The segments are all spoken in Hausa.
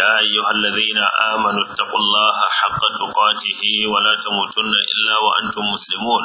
يا أيها الذين آمنوا اتقوا الله حق تقاته ولا تموتن إلا وأنتم مسلمون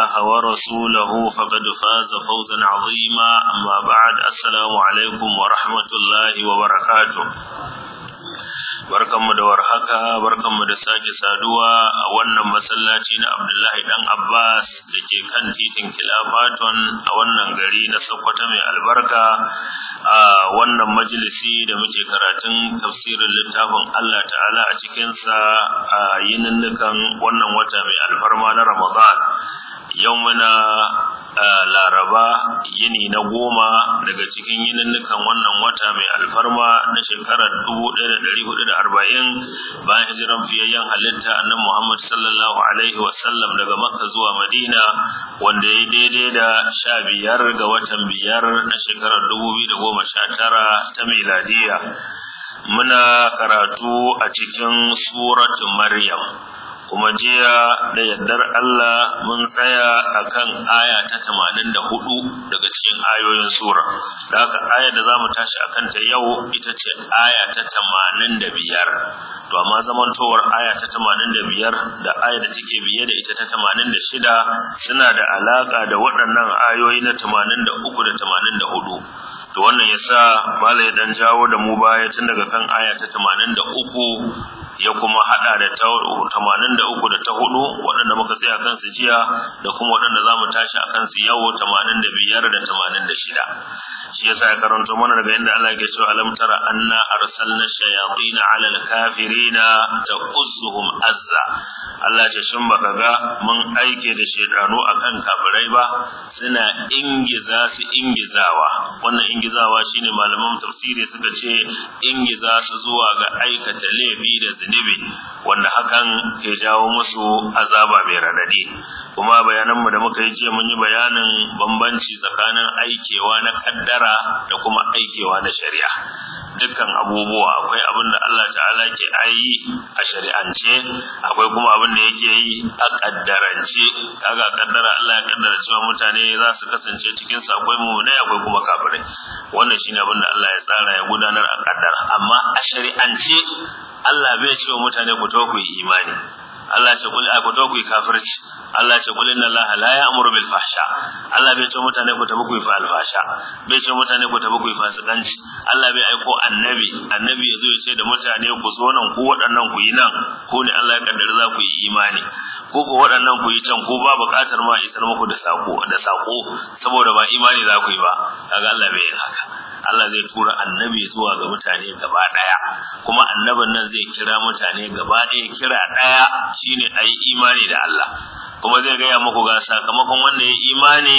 الله ورسوله فقد فاز فوزا عظيما أما بعد السلام عليكم ورحمة الله وبركاته barkanmu da warhaka barkanmu da sake saduwa a wannan masallaci na Abdullahi dan Abbas da ke kan titin Kilafaton a wannan gari na Sokoto mai albarka a wannan majalisi da muke karatun tafsirin littafin Allah ta'ala a cikinsa, a yininnukan wannan wata mai alfarma na Ramadan yau muna laraba yini na goma daga cikin yininnukan wannan wata mai alfarma na shekarar 1440 bayan hijiran fiyayyen halitta nan Muhammad sallallahu alaihi wasallam daga Makka zuwa Madina wanda ya daidai da sha biyar ga watan biyar na shekarar 2019 ta miladiya muna karatu a cikin suratu Maryam kuma jiya da yardar Allah mun tsaya akan aya ta 84 daga cikin ayoyin sura da haka ayar da za mu tashi a ta yau ita ce aya ta 85 to amma zamantowar aya ta 85 da aya da take biye da ita ta 86 suna da alaka da waɗannan ayoyi na 83 da 84 to wannan yasa malai dan jawo da mu baya tun daga kan aya ta 83 ya kuma hada da tamanin da da ta hudu waɗanda muka tsaya kansu jiya da kuma waɗanda zamu tashi a kansu yau tamanin da biyar da tamanin da shi yasa ya karanto mana daga inda Allah ke cewa alam tara anna arsalna shayatin ala alkafirina ta'uzzuhum azza Allah ce shin baka ga mun aike da shedano akan kafirai ba suna ingiza su ingizawa wannan ingizawa shine malaman tafsiri suka ce ingiza su zuwa ga aikata laifi da zina dibe wanda hakan ke jawo musu azaba mai radadi kuma bayananmu da muka yi jiya mun yi bayanin bambanci tsakanin aikewa na kaddara da kuma aikewa na shari'a dukkan abubuwa akwai abin da Allah ta'ala ke ayi a shari'ance akwai kuma abin da yake yi a kaddarance kaga kaddara Allah ya kaddara cewa mutane za su kasance cikin sa akwai mu'minai akwai kuma kafirai wannan shine abin da Allah ya tsara ya gudanar a kaddara amma a shari'ance Allah bai ce wa mutane ku to ku yi imani Allah ce a ku to ku yi kafirci Allah ce kuli inna Allah la ya'muru bil fahsha Allah bai ce mutane ku tafi ku yi alfasha bai ce mutane ku tafi ku yi fasikanci Allah bai aiko annabi annabi yazo ya ce da mutane ku zo nan ku waɗannan ku yi nan ku ne Allah ya kaddara za ku yi imani ko ku waɗannan ku yi can ko ba buƙatar ma isar muku da sako da sako saboda ba imani za ku yi ba kaga Allah bai yi haka Allah zai tura annabi zuwa ga mutane gaba daya kuma annabin nan zai kira mutane gaba daya kira daya shine ayi imani da Allah kuma zai ga ya muku ga sakamakon wanda ya imani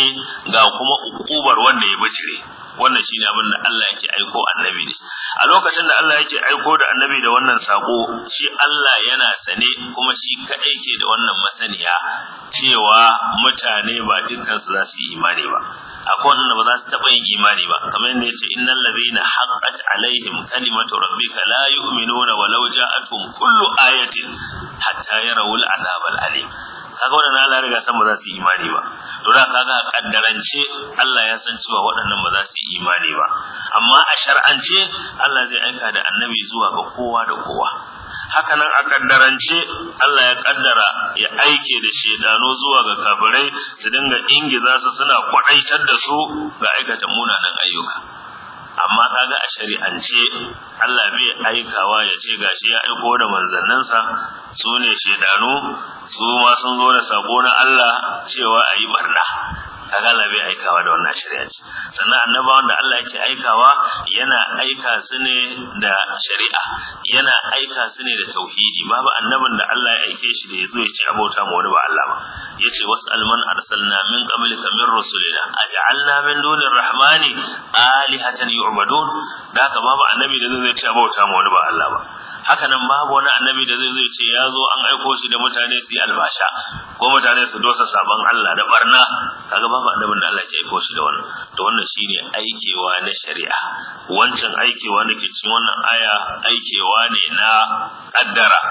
ga kuma ukubar wanda ya bacire wannan shine abin da Allah yake aiko annabi ne a lokacin da Allah yake aiko da annabi da wannan sako shi Allah yana sane kuma shi kadai ke da wannan masaniya cewa mutane ba dukkan su za su yi imani ba akwai wanda ba za su taɓa yin imani ba kamar yadda yace innal ladina haqqat alaihim kalimatu rabbika la yu'minuna walau ja'atuhum kullu ayatin hatta yarawul azabal alim kaga wannan Allah ya riga san ba za su yi imani ba to da kaga a kaddarance Allah ya san cewa waɗannan ba za su yi imani ba amma a shar'ance Allah zai aika da annabi zuwa ga kowa da kowa haka nan a kaddarance Allah ya kaddara ya aike da shedano zuwa ga kafirai su dinga ingiza su suna kwadaitar da su ga aikata munanan ayyuka amma kaga a shari'ance Allah bai aikawa ya ce gashi ya aiko da manzanninsa su ne shedanu su ma sun zo da sabo na Allah cewa ayi yi barna kaga Allah bai aikawa da wannan shari'a ce sannan annaba da Allah yake aikawa yana aika su ne da shari'a yana aika su ne da tauhidi babu annabin da Allah ya aike shi da yazo ya ce abota mu wani ba Allah ba yace wasu alman arsalna min qablika min rusulina aj'alna min dunir rahmani alihatan yu'badun da ka babu annabi da zai ce abota mu wani ba Allah ba haka nan babu wani annabi da zai zai ce ya zo an aiko shi da mutane su yi albasha ko mutane su dosa sabon Allah da barna kaga babu annabin da Allah ke aiko shi da wannan to wannan shine aikewa na shari'a wancan aikewa ke cikin wannan aya aikewa ne na addara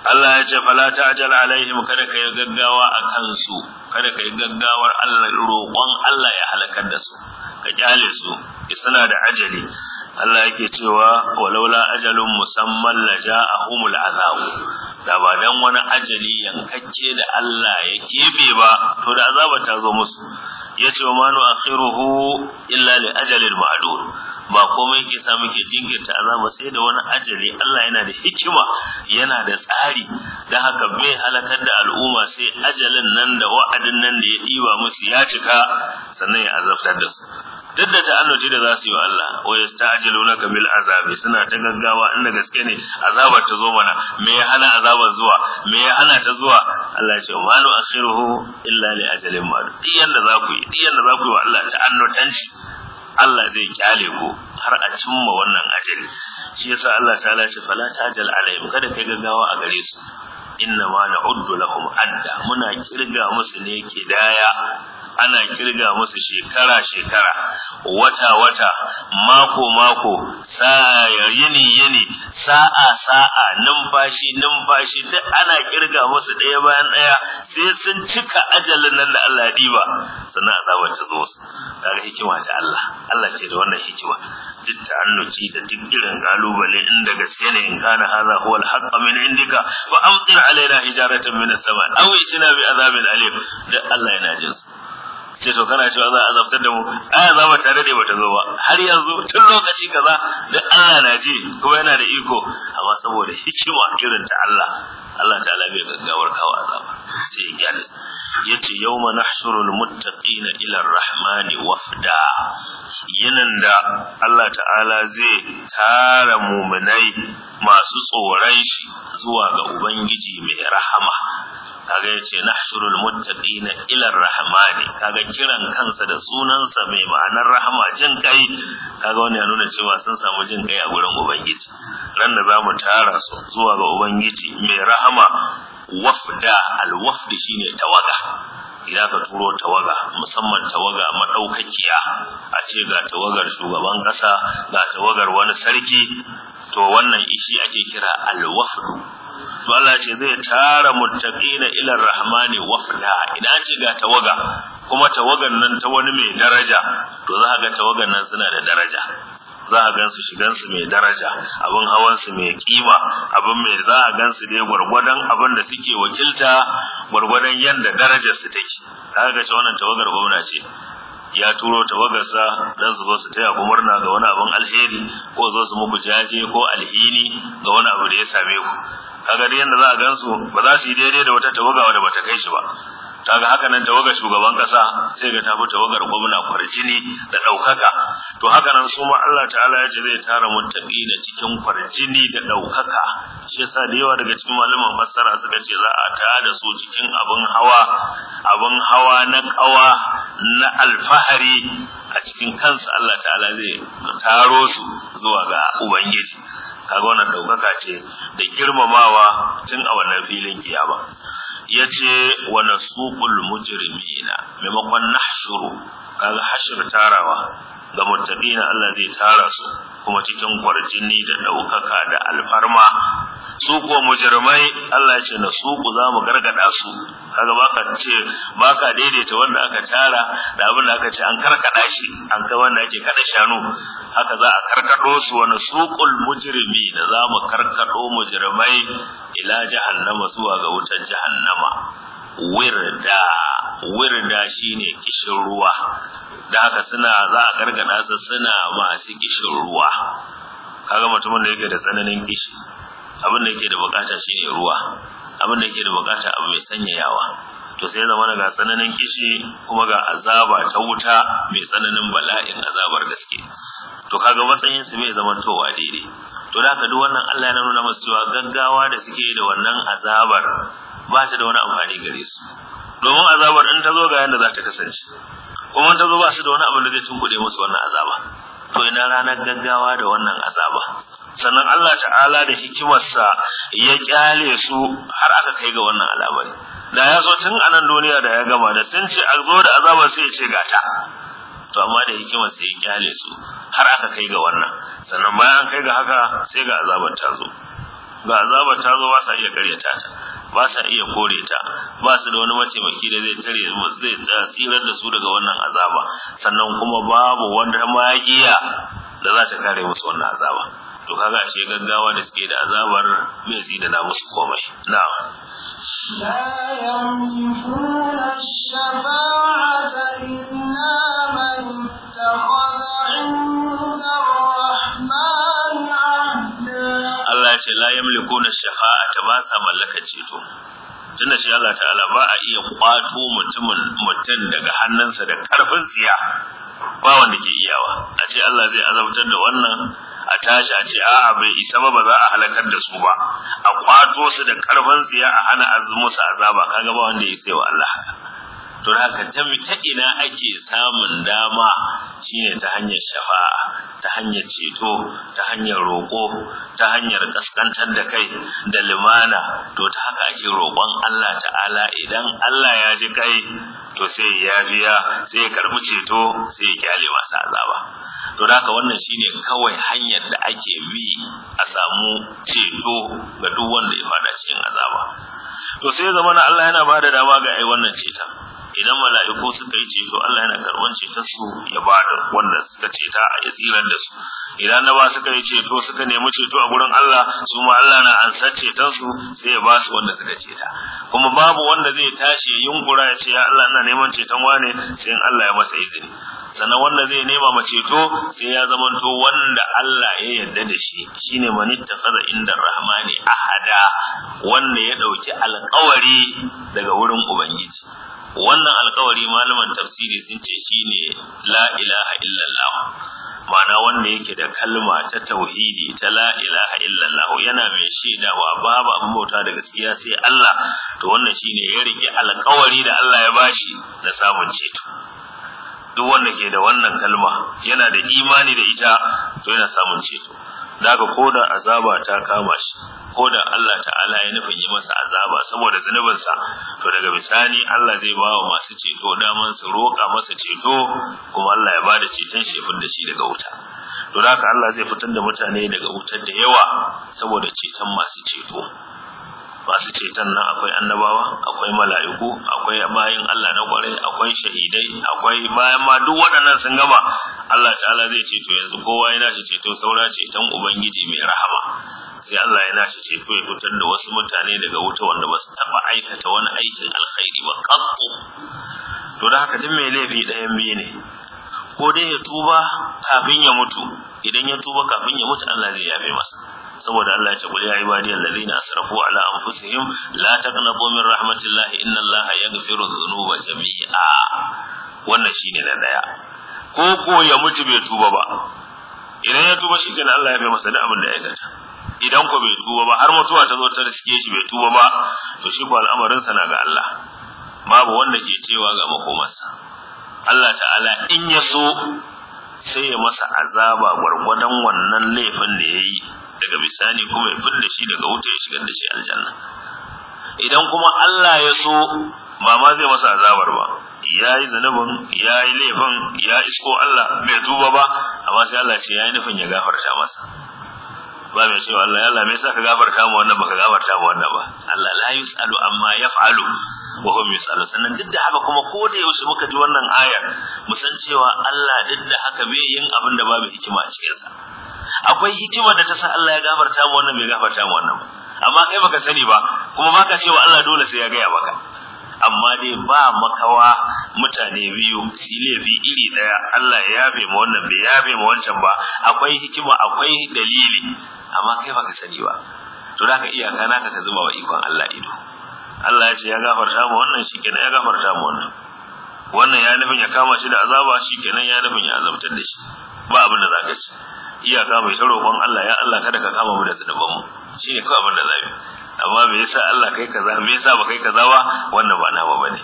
Allah ya ce fala ta'jal alaihim kada kai gaggawa a kansu, kada kai gaggawar Allah roƙon Allah ya halakar da su ka kyale su suna da ajali Allah yake cewa walaula ajalun musamman ja'ahumul azabu da ba dan wani ajali yankakke da Allah ya kebe ba to da azaba ta zo musu yace wa manu akhiruhu illa li ajalin ma'dud ba komai ke sa muke jinkirta azaba sai da wani ajali Allah yana da hikima yana da tsari dan haka bai halakar da al'umma sai ajalin nan da wa'adin nan da ya diba musu ya cika sannan ya azabtar da su duk da ta'annuci da za su yi wa Allah wa ka bil azabi suna ta gaggawa inda gaske ne azabar ta zo mana me ya hana azabar zuwa me ya hana ta zuwa Allah ya ce wa la akhiruhu illa li ajalin ma'lum diyan da za ku yi diyan da za ku yi wa Allah ta'annutanci Allah zai kyale ku har a cimma wannan ajali shi yasa Allah ta'ala ce fala ta'jal alaihim kada kai gaggawa a gare su inna ma na'uddu lahum adda muna kirga musu ne kidaya ana kirga musu shekara shekara wata wata mako mako sa'a yini yini sa'a sa'a numfashi numfashi duk ana kirga musu ɗaya bayan ɗaya sai sun cika ajalin nan da Allah ya diba sannan azaba ta zo su kaga hikima ta Allah Allah ce da wannan hikima duk annuci da duk irin kalubale in da gaske ne in kana hadha huwa alhaqqa min indika fa amtir alaina hijaratan min as-sama aw itina bi azabin alim duk Allah yana jin su ce to kana cewa za a azabtar da mu za azaba ta dade bata zo ba har yanzu tun lokaci kaza da Allah na ji kuma yana da iko amma saboda hikima irin ta Allah Allah ta'ala bai gaggawar kawo azaba sai ya gyara yace yawma nahshurul muttaqina ila ar-rahmani wafda yinan da Allah ta'ala zai tara muminai masu tsoron shi zuwa ga ubangiji mai rahama kaga yace nahshurul muttaqina ila rahmani kaga kiran kansa da sunansa mai ma'anar rahama jin kai kaga wannan ya nuna cewa sun samu jin kai a gurin ubangiji ran da zamu tara su zuwa ga ubangiji mai rahama wafda alwafd shine tawaga idan ka turo tawaga musamman tawaga madaukakiya a ce ga tawagar shugaban kasa ga tawagar wani sarki to wannan ishi ake kira alwafdu to Allah ce zai tara muttaqina ila rahmani wafda idan ce ga tawaga kuma tawagan nan ta wani mai daraja to za ga tawagan nan suna da daraja za a gansu su mai daraja abin su mai kima abin mai za a gansu dai gwargwadon abin da suke wakilta gwargwadon yanda darajar su take kaga ga wannan tawagar gwamna ce ya turo tawagarsa dan su zo su taya ku murna ga wani abin alheri ko zo su muku jaje ko alhini ga wani abu da ya same ku kaga da yadda za a gansu ba za su yi daidai da wata tawaga wadda bata kai shi ba ga haka nan tawagar shugaban kasa sai ga tafi tawagar gwamna kwarjini da ɗaukaka, to haka nan su ma Allah ta'ala ya ce zai tara na cikin kwarjini da ɗaukaka. shi yasa da yawa daga cikin malaman fassara suka ce za a ta da su cikin abin hawa abin hawa na kawa na alfahari a cikin kansa Allah ta'ala zai taro su zuwa ga ubangiji kaga wannan daukaka ce da girmamawa tun a wannan filin kiyama yace wa suqul mujrimina maimakon nahshuru kaga hashir tarawa ga muttaqina Allah zai tara su kuma cikin kwarjini da daukaka da alfarma su kuwa mujrimai Allah ya ce na su ku za mu gargada su kaga baka ce baka daidaita wanda aka tara da abin da aka ce an karkada shi an ga wanda ake kada shanu haka za a karkado su wani suqul mujrimi da za mu karkado mujrimai ila jahannama zuwa ga wutar jahannama wirda wirda shine kishin ruwa da haka suna za a gargada su suna masu kishin ruwa kaga mutumin da yake da tsananin kishi abin da yake da bukata shine ruwa abin da yake da bukata abu mai sanyayawa to sai zama ga tsananin kishi kuma ga azaba ta wuta mai tsananin bala'in azabar gaske to kaga matsayin su bai zama towa daidai to da ka duk wannan Allah ya nuna musu cewa gaggawa da suke da wannan azabar ba ta da wani amfani gare su domin azabar in ta zo ga yanda za ta kasance kuma ta zo ba su da wani abin da zai tunkuɗe musu wannan azaba to ina ranar gaggawa da wannan azaba sannan Allah ta'ala da hikimarsa ya kyale su har aka kai ga wannan al'amari da ya so tun anan duniya da ya gama da sun ce a zo da azaba sai ya ce ta to amma da hikimarsa ya kyale su har aka kai ga wannan sannan bayan kai ga haka sai ga azabar ta zo ga azabar ta zo ba sa iya karyata ta ba sa iya kore ta ba su da wani mataimaki da zai tare zai tsirar da su daga wannan azaba sannan kuma babu wanda magiya da za ta kare musu wannan azaba to kaga ashe gaggawa da suke da azabar mai zina na musu komai na'am لا يملكون الشفاعة إلا من اتخذ عند الرحمن عهدا الله يقول tunda shi Allah ta'ala ba a iya kwato mutumin mutum daga hannunsa da karfin siya ba wanda ke iyawa a ce Allah zai azabtar da wannan a tashi a ce a'a bai isa ba ba za a halakar da su ba a kwato su da karfin tsiya a hana azumu su azaba kaga ba wanda ya sai wa Allah haka to haka ta ta ina ake samun dama shine ta hanyar shafa'a ta hanyar ceto ta hanyar roƙo ta hanyar kaskantar da kai da limana to ta haka ake roƙon Allah ta'ala idan Allah ya ji kai to sai ya biya sai ya karɓi ceto sai ya kyale masu azaba to da haka wannan shine kawai hanyar da ake bi a samu ceto ga duk wanda ya fada cikin azaba to sai zama na Allah yana bada dama ga ai wannan ceton idan mala'iku suka yi ceto Allah yana karban ceton su ya ba da wanda suka ceta a tsirar da su idan na ba suka yi ceto suka nemi ceto a gurin Allah su ma Allah na ansar ceton su sai ya ba su wanda suka ceta kuma babu wanda zai tashi yunkura ya ce ya Allah ina neman ceton wane sai Allah ya masa izini sannan wanda zai nema ma ceto sai ya zamanto wanda Allah ya yarda da shi shine man sada inda rahmani ahada wanda ya dauki alƙawari daga wurin ubangiji wannan alkawari malaman tafsiri sun ce shine la ilaha illallah ma'ana wanda yake da kalma ta tauhidi ta la ilaha illallah yana mai shaidawa babu abin bauta da gaskiya sai Allah to wannan ne ya rike alkawari da Allah ya bashi na samun ceto duk wanda ke da wannan kalma yana da imani da ita to yana samun ceto daga koda azaba ta kama shi koda Allah ta'ala ya nufin yi masa azaba saboda sa, to daga bisani Allah zai ba wa masu ceto daman su roƙa masa ceto kuma Allah ya bada ceton shi da shi daga wuta to haka Allah zai fitar da mutane daga wutar da yawa saboda ceton masu ceto masu ceton nan akwai annabawa akwai mala'iku akwai bayin Allah na kwarai akwai shahidai akwai bayan ma duk waɗannan sun gama Allah ta'ala zai ceto yanzu kowa yana shi ceto saura ceton ubangiji mai rahama sai Allah yana shi ceto ya fitar da wasu mutane daga wuta wanda ba su taɓa aikata wani aikin alkhairi ba kanto to da haka duk mai laifi ɗayan biyu ne ko dai ya tuba kafin ya mutu idan ya tuba kafin ya mutu Allah zai yafe masa saboda Allah ya ce kulli ya ibadiyal asrafu ala anfusihim la taqnabu min rahmatillahi inna Allaha yaghfiru dhunuba jami'a wannan shine na daya ko ko ya mutu bai tuba ba idan ya tuba shi kenan Allah ya bai masa da abin da ya gata idan ko bai tuba ba har mutuwa ta zo ta riske shi bai tuba ba to shi ko al'amarin sa na ga Allah babu wanda ke cewa ga makomarsa Allah ta'ala in ya so sai ya masa azaba gwargwadon wannan laifin da ya yi daga bisani kuma ya fitar shi daga wuta ya shigar da shi aljanna idan kuma Allah ya so ba ma zai masa azabar ba ya yi zanubin ya yi laifin ya isko Allah bai tuba ba amma sai Allah ce ya yi nufin ya gafarta masa ba mai cewa Allah Allah me yasa ka gafarta mu wannan baka gafarta mu wannan ba Allah la yusalu amma yaf'alu wa hum yusalu sannan duk da haka kuma ko da yaushe muka ji wannan aya. mu san cewa Allah duk da haka bai yin abin da babu hikima a cikin sa akwai hikima da ta sa Allah ya gafarta mu wannan bai gafarta mu wannan ba amma kai baka sani ba kuma baka cewa Allah dole sai ya gaya maka amma dai ba makawa mutane biyu shi laifi iri daya Allah ya yafe ma wannan bai yafe ma wancan ba akwai hikima akwai dalili amma kai baka sani ba to da ka iyaka naka ka zuba wa ikon Allah ido Allah ya ce ya gafarta mu wannan shi kenan ya gafarta mu wannan wannan ya nufin ya kama shi da azaba kenan ya nufin ya azabtar da shi ba abin da zaka ci iyaka mai ta roƙon Allah ya Allah kada ka kama mu da zunubanmu shine kawai abin da zai amma me yasa Allah kai kaza me yasa ba kai kaza ba wannan ba na ba bane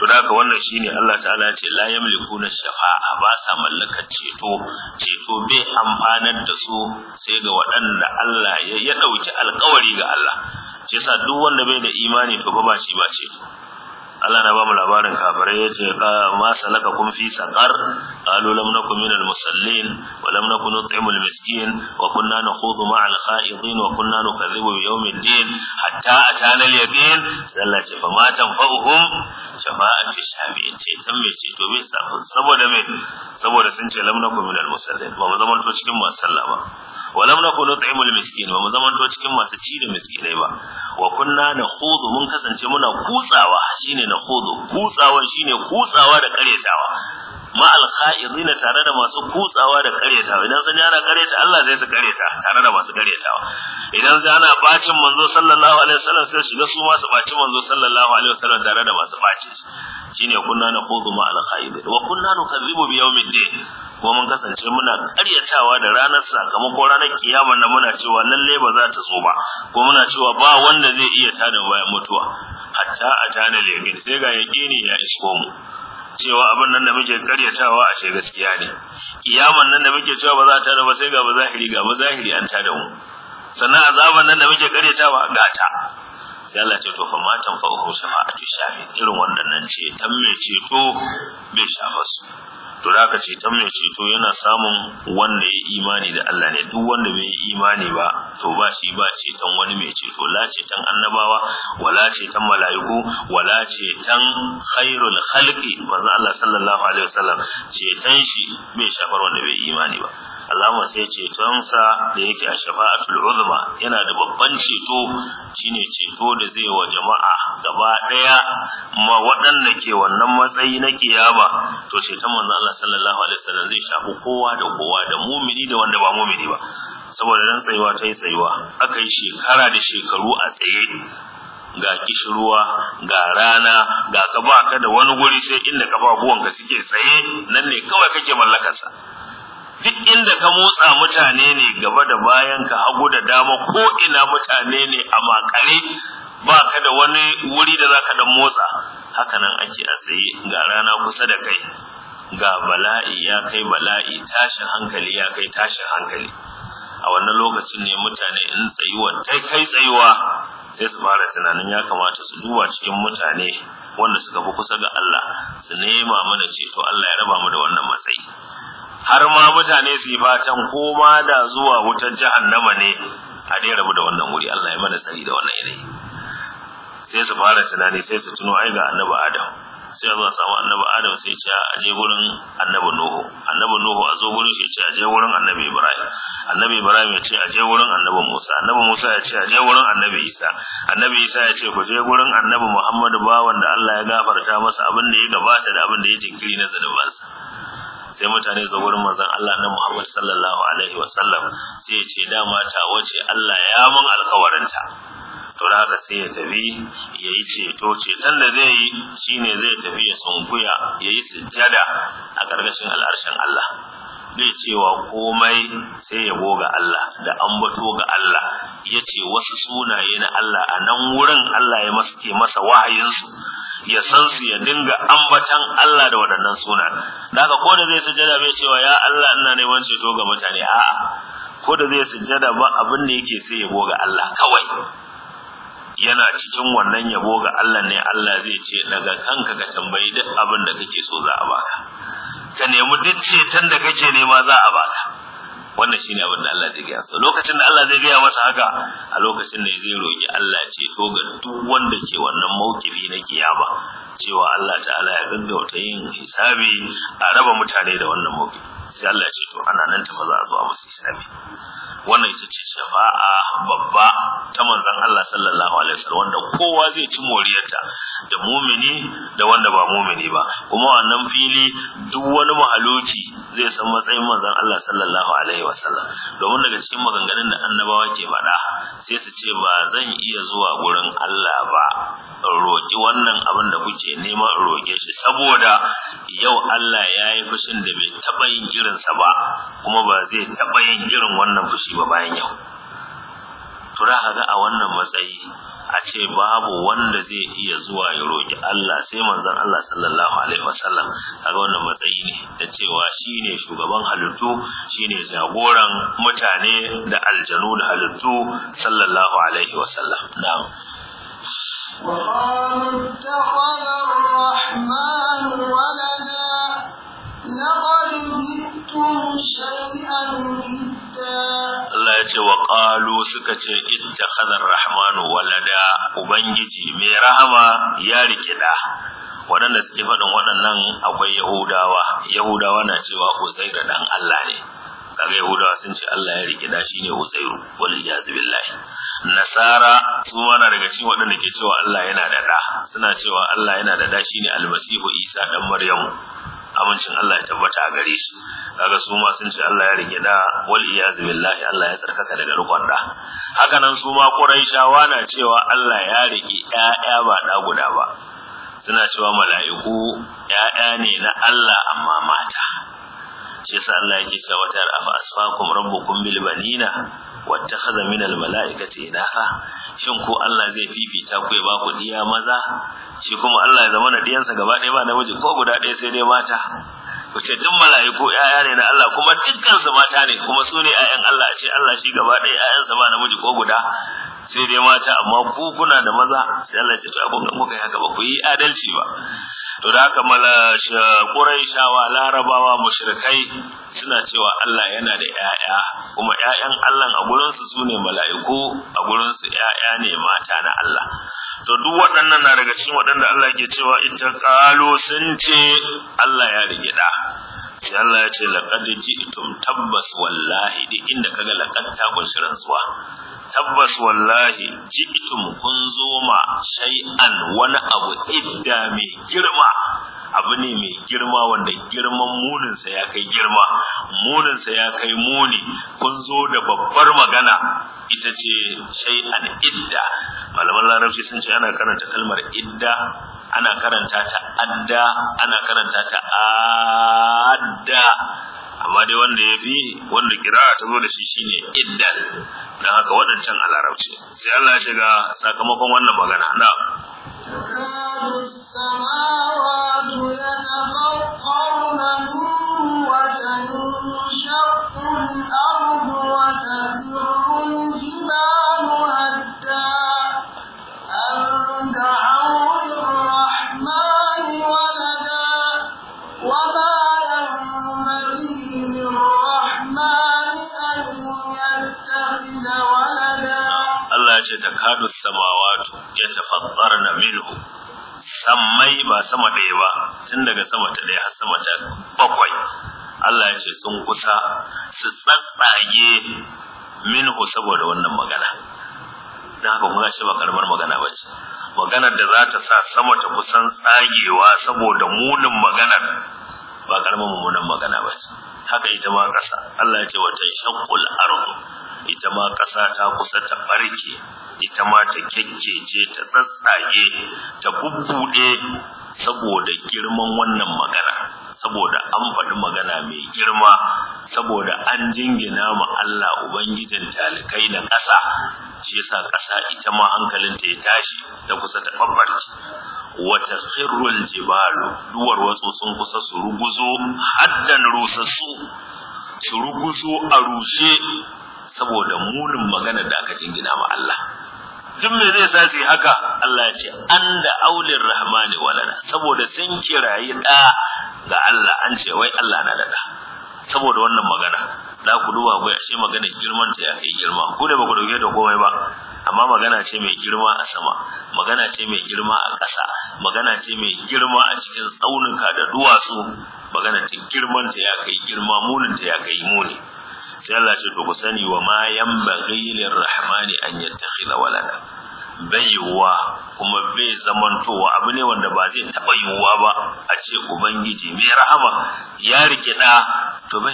to da haka wannan shine Allah ta'ala ce la yamlikuna shafa'a ba sa mallakar ceto ceto bai amfanar da su sai ga waɗanda Allah ya dauki alƙawari ga Allah shi yasa duk wanda bai da imani to ba ba shi ba ceto Allah na mu labarin kafirai yace ka ma salaka kun fi saqar qalu lam nakum minal musallin wa lam nakun nut'imul miskin wa kunna nakhudhu ma'al kha'idin wa kunna nukadhibu bi yawmiddin hatta atana al-yaqin Allah ce fa ma tanfa'uhum shafa'atu shafi'in ce dan me ce to me saboda me saboda sun ce lam nakum minal musallin ba mu zama to cikin masu sallah ba walam nakun nut'imul miskin ba mu zamanto cikin masu ci da miskinai ba wa kunna nakhudu mun kasance muna kutsawa shine da khudu kutsawa shine kutsawa da karetawa ma alkha'irina tare da masu kutsawa da karetawa idan sun yana kareta Allah zai su kareta tare da masu karyatawa. idan sun ana bacin manzo sallallahu alaihi wasallam sai shiga su masu bacin manzo sallallahu alaihi wasallam tare da masu bacin shine kunna na khudhu ma alkha'ir wa kunna nukazzibu bi yawmiddin ko mun kasance muna karyatawa da ranar sakamakon ranar kiyama nan muna cewa lalle ba za ta zo ba ko muna cewa ba wanda zai iya tada bayan mutuwa hatta a tana lemin sai ga yake ne ya isko mu cewa abin nan da muke karyatawa ashe gaskiya ne kiyaman nan da muke cewa ba za ta da sai ga ba zahiri ga zahiri an ta da mu sannan azaban nan da muke karyatawa ga ta sai Allah ce to fa ma tanfa'uhu shafa'atu shafi irin wannan ce tamme ce to bai shafa su to da aka ce mai ceto yana samun wanda ya imani da Allah ne duk wanda bai imani ba to ba shi ba ceton wani mai ceto la ceton annabawa wala ceton mala'iku wala ceton khairul khalqi manzo Allah sallallahu alaihi wasallam ceton shi bai shafar wanda bai imani ba Alama sai cetonsa da yake a shafa'atul uzma yana da babban ceto shine ceto da zai wa jama'a gaba daya ma waɗanda ke wannan matsayi na kiyama to ceton manzon Allah sallallahu alaihi wasallam zai shafi kowa da kowa da mumini da wanda ba mumini ba saboda ran tsayuwa ta yi tsayuwa aka yi shekara da shekaru a tsaye ga kishirwa ga rana ga ka baka da wani guri sai inda ka suke tsaye nan ne kawai kake mallakarsa duk inda ka motsa mutane ne gaba da bayan ka hagu da dama ko ina mutane ne a makare ba ka da wani wuri da za ka dan motsa haka nan ake a tsaye ga rana kusa da kai ga bala'i ya kai bala'i tashin hankali ya kai tashin hankali a wannan lokacin ne mutane in tsayuwa tai kai tsayuwa sai su fara tunanin ya kamata su duba cikin mutane wanda suka fi kusa ga Allah su nema mana ceto Allah ya raba mu da wannan matsayi har ma mutane su yi fatan ko ma da zuwa wutar jahannama ne a dai rabu da wannan wuri Allah ya mana tsari da wannan yanayi sai su fara tunani sai su tuno ai ga annabi Adam sai a zo samu annabi Adam sai ce a je gurin annabi Nuhu annabi Nuhu a zo gurin shi ce a je gurin annabi Ibrahim annabi Ibrahim ya ce a je gurin annabi Musa annabi Musa ya ce a je gurin annabi Isa annabi Isa ya ce ku je gurin annabi Muhammadu bawan da Allah ya gafarta masa abin da ya gabata da abin da ya jinkiri na zanubansa sai mutane su wurin manzon Allah na Muhammad sallallahu alaihi sallam sai ce dama ta wace Allah ya mun alkawarinta to da haka sai ya tafi ya yi ceto ceton da zai yi shine zai tafi ya sunkuya yayi yi sujjada a ƙarƙashin al'arshin Allah bai cewa komai sai yabo ga Allah da ambato ga Allah yace wasu sunaye na Allah a nan wurin Allah ya masa ke masa wahayinsu ya san su ya dinga ambatan Allah da waɗannan suna daga ko da zai sujada bai cewa ya Allah ina neman ceto ga mutane a'a ko da zai sujada ba abin da yake sai yabo ga Allah kawai yana cikin wannan yabo ga Allah ne Allah zai ce daga kanka ka tambayi duk abin da kake so za a baka ka nemi duk ceton da kake nema za a baka wannan shine abin da Allah zai gaya sa. lokacin da Allah zai gaya masa haka a lokacin da zai roki Allah ceto ga duk wanda ke wannan mawkifi na kiyama cewa Allah ta'ala ya gaggauta yin hisabi a raba mutane da wannan mawkifi sai Allah ya ce to ana nan ta maza a zo a musu wannan ita ce shafa'a babba ta manzon Allah sallallahu alaihi wasallam wanda kowa zai ci moriyarta da mumini da wanda ba mumini ba kuma wannan fili duk wani mahaloci zai san matsayin manzon Allah sallallahu alaihi wasallam domin daga cikin maganganun da annabawa ke faɗa sai su ce ba zan iya zuwa gurin Allah ba roki wannan abin da kuke neman roke shi saboda yau Allah ya yi fushin da bai taɓa yin irinsa ba kuma ba zai taɓa yin irin wannan fushi ba bayan yau to da ga a wannan matsayi a ce babu wanda zai iya zuwa ya roki Allah sai manzon Allah sallallahu alaihi wasallam kaga wannan matsayi ne da cewa shine shugaban halittu shine jagoran mutane da aljanu da halittu sallallahu alaihi wasallam na'am وقالوا اتخذ الرحمن ولدا Allah ya ce wa suka ce in ta khadar rahmanu walada Ubangiji mai rahama ya rike da waɗanda suke faɗin waɗannan akwai Yahudawa Yahudawa na cewa da dan Allah ne kaga Yahudawa sun ce Allah ya rike da shine Uzairu wani iyaz billahi Nasara su wana daga cikin waɗanda ke cewa Allah yana da da suna cewa Allah yana da da shine Almasihu Isa ɗan Maryamu amincin Allah ya tabbata a gare shi kaga su ma sun ce Allah ya rike da wal iyaz billahi Allah ya tsarkaka daga rukun da haka nan su ma quraishawa na cewa Allah ya rike ƴaƴa ba da guda ba suna cewa mala'iku ƴaƴa ne na Allah amma mata shi yasa Allah yake cewa wata afa asfakum rabbukum bil banina wattakhadha min al malaikati inafa shin ko Allah zai fifita ku ya ba ku diya maza shi kuma Allah ya zama na diyansa gaba ɗaya ba namiji ko guda ɗaya sai dai mata ku ce duk mala'iku 'ya'ya ne na Allah kuma dukkan su mata ne kuma su ne ƴaƴan Allah ce Allah shi gaba ɗaya ƴaƴansa ba namiji ko guda sai dai mata amma ku kuna da maza sai Allah ya ce to abun kuka yi haka ba ku yi adalci ba to da haka Quraishawa Larabawa mushrikai suna cewa Allah yana da ƴaƴa kuma ƴaƴan Allah a gurin su sune mala'iku a gurin su ƴaƴa ne mata na Allah to duk waɗannan na daga cikin waɗanda Allah ke cewa ita qalu sun ce Allah ya rige da sai Allah ya ce laqad ji'tum tabbas wallahi duk inda kaga laqad ta kunshi rantsuwa tabbas wallahi ji'itum kun zo ma shay'an wani abu idda mai girma abu ne mai girma wanda girman muninsa ya kai girma muninsa ya kai muni kun zo da babbar magana ita ce shay'an idda malaman larabci sun ce ana karanta kalmar idda ana karanta ta adda ana karanta ta adda amma dai wanda ya fi wanda kira ta zo da shi shine iddan dan haka waɗancan a larabci sai Allah ya shiga sakamakon wannan magana na'am tafattarna minhu sammai ba sama ɗaya ba tun daga sama ta ɗaya har sama ta bakwai Allah ya ce sun kusa su tsatsage minhu saboda wannan magana don haka kuma ce ba karamar magana ba ce maganar da za ta sa sama ta kusan tsagewa saboda munin maganar ba karamar munin magana ba ce haka ita ma ƙasa Allah ya ce wata shaqqul ardu ita ma ƙasa ta kusa ta ɓarke ita ma ta kyakkece ta tsatsage ta bubbuɗe saboda girman wannan magana saboda an faɗi magana mai girma saboda an jingina ma Allah ubangijin talikai na ƙasa shi yasa ƙasa ita ma hankalinta ya tashi ta kusa ta ɓaɓɓarke wata sirrul jibalu duwar wasu sun kusa su ruguzo haddan rusassu su ruguzo a rushe saboda munin magana da aka jingina ma Allah duk me zai sa su haka Allah ya ce an da aulin rahmani walana saboda sun kirayi da ga Allah an ce wai Allah na da saboda wannan magana da ku duba ku ce magana girman ta ya girma ku da ba ku dauke da komai ba amma magana ce mai girma a sama magana ce mai girma a ƙasa magana ce mai girma a cikin tsaunuka da duwatsu magana ta girman ta ya girma munin ta ya kai muni sai Allah ce to ku sani wa ma yanbaghi lirrahmani an yattakhila walada bai kuma bai zamantowa abu ne wanda ba zai taɓa yiwuwa ba a ce ubangiji mai rahama ya rike ɗa to bai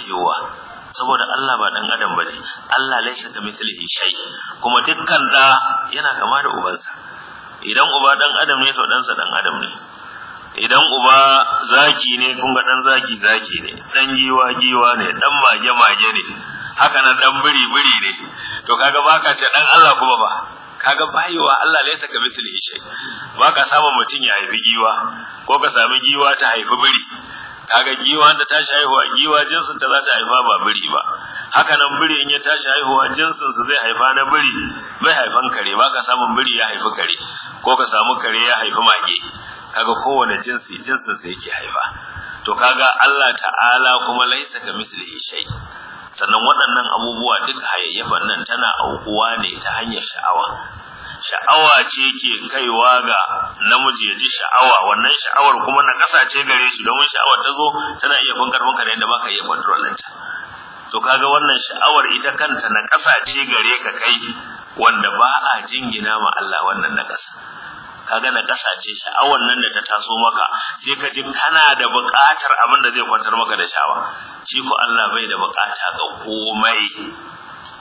saboda Allah ba dan adam bane Allah laysa kamithlihi shay kuma dukkan da yana kama da ubansa idan uba dan adam ne to dan sa dan adam ne idan uba zaki ne kun ga dan zaki zaki ne dan giwa giwa ne dan mage mage ne haka nan dan biri biri ne to kaga baka ce dan Allah kuma ba kaga bayewa Allah laisa ka misli shay baka samu mutun ya haifi giwa ko ka samu giwa ta haifi biri kaga giwa da tashi haihuwa giwa jinsin ta za ta haifa ba biri ba haka nan biri in ya tashi haihuwa jinsin su zai haifa na biri bai haifan kare ba ka samu biri ya haifi kare ko ka samu kare ya haifi mage kaga kowane jinsi jinsin sa yake haifa to kaga Allah ta'ala kuma laisa ka mislihi shay sannan waɗannan abubuwa duk hayayyafan nan tana aukuwa ne ta hanyar sha'awa sha'awa ce ke kaiwa ga namiji ya ji sha'awa wannan sha'awar kuma na ƙasa ce gare shi domin sha'awar ta zo tana iya bunkar maka da baka iya control to kaga wannan sha'awar ita kanta na ƙasa ce gare ka kai wanda ba a jingina ma Allah wannan na ƙasa kaga na ƙasa ce sha'awar nan da ta taso maka sai ka ji kana da buƙatar abin da zai kwantar maka da sha'awa shi ku Allah bai da bukata ga komai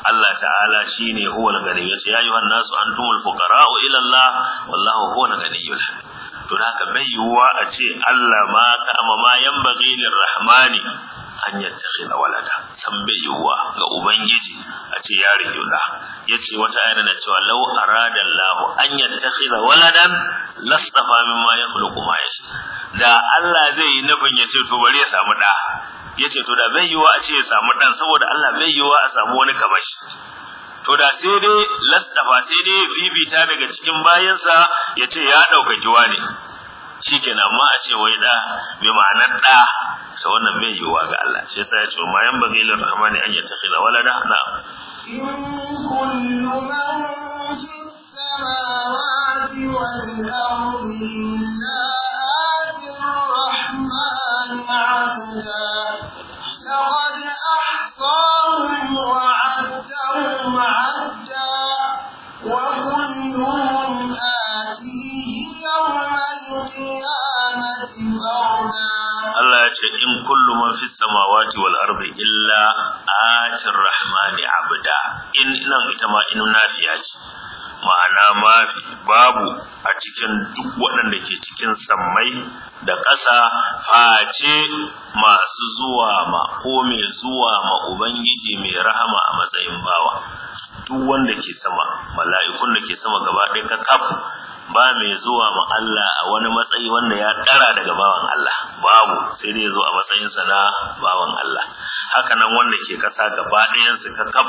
Allah ta'ala shine huwal ganiyyu ya wannan nasu antumul fuqara'u ila Allah wallahu huwal ganiyyu to haka bai yuwa a ce Allah ma ka amma ma yanbaghi lirrahmani an yattakhidha walada san bai yuwa ga ubangiji a ce ya riƙe da yace wata ayar na cewa law arada Allah an yattakhidha waladan lastafa mimma yakhluqu ma yasha da Allah zai yi nufin ya ce to bari ya samu da yace to da zai yiwa a ce ya samu dan saboda Allah zai yiwa a samu wani kamashi. to da sai dai lastafa sai dai bibita daga cikin bayansa ya ce ya daukaki wani shikenan amma a ce wai da bi ma'anar da ta wannan bai yiwa ga Allah sai sai ya ce ma yan bagi lir rahmani an yatakhila walada na in kullu man samawati kullu man fis samawati wal ardi illa atir rahmani abda in nan ita ma in nasiya ce ma'ana mafi babu a cikin duk waɗanda ke cikin sammai da ƙasa face masu zuwa ma ko mai zuwa ma ubangiji mai rahama a matsayin bawa duk wanda ke sama mala'ikun da ke sama gaba ɗaya ka kafu ba mai zuwa ma Allah a wani matsayi wanda ya ɗara daga bawan Allah babu sai dai zo a matsayinsa na bawan Allah haka nan wanda ke ƙasa gaba ɗayansu ka kaf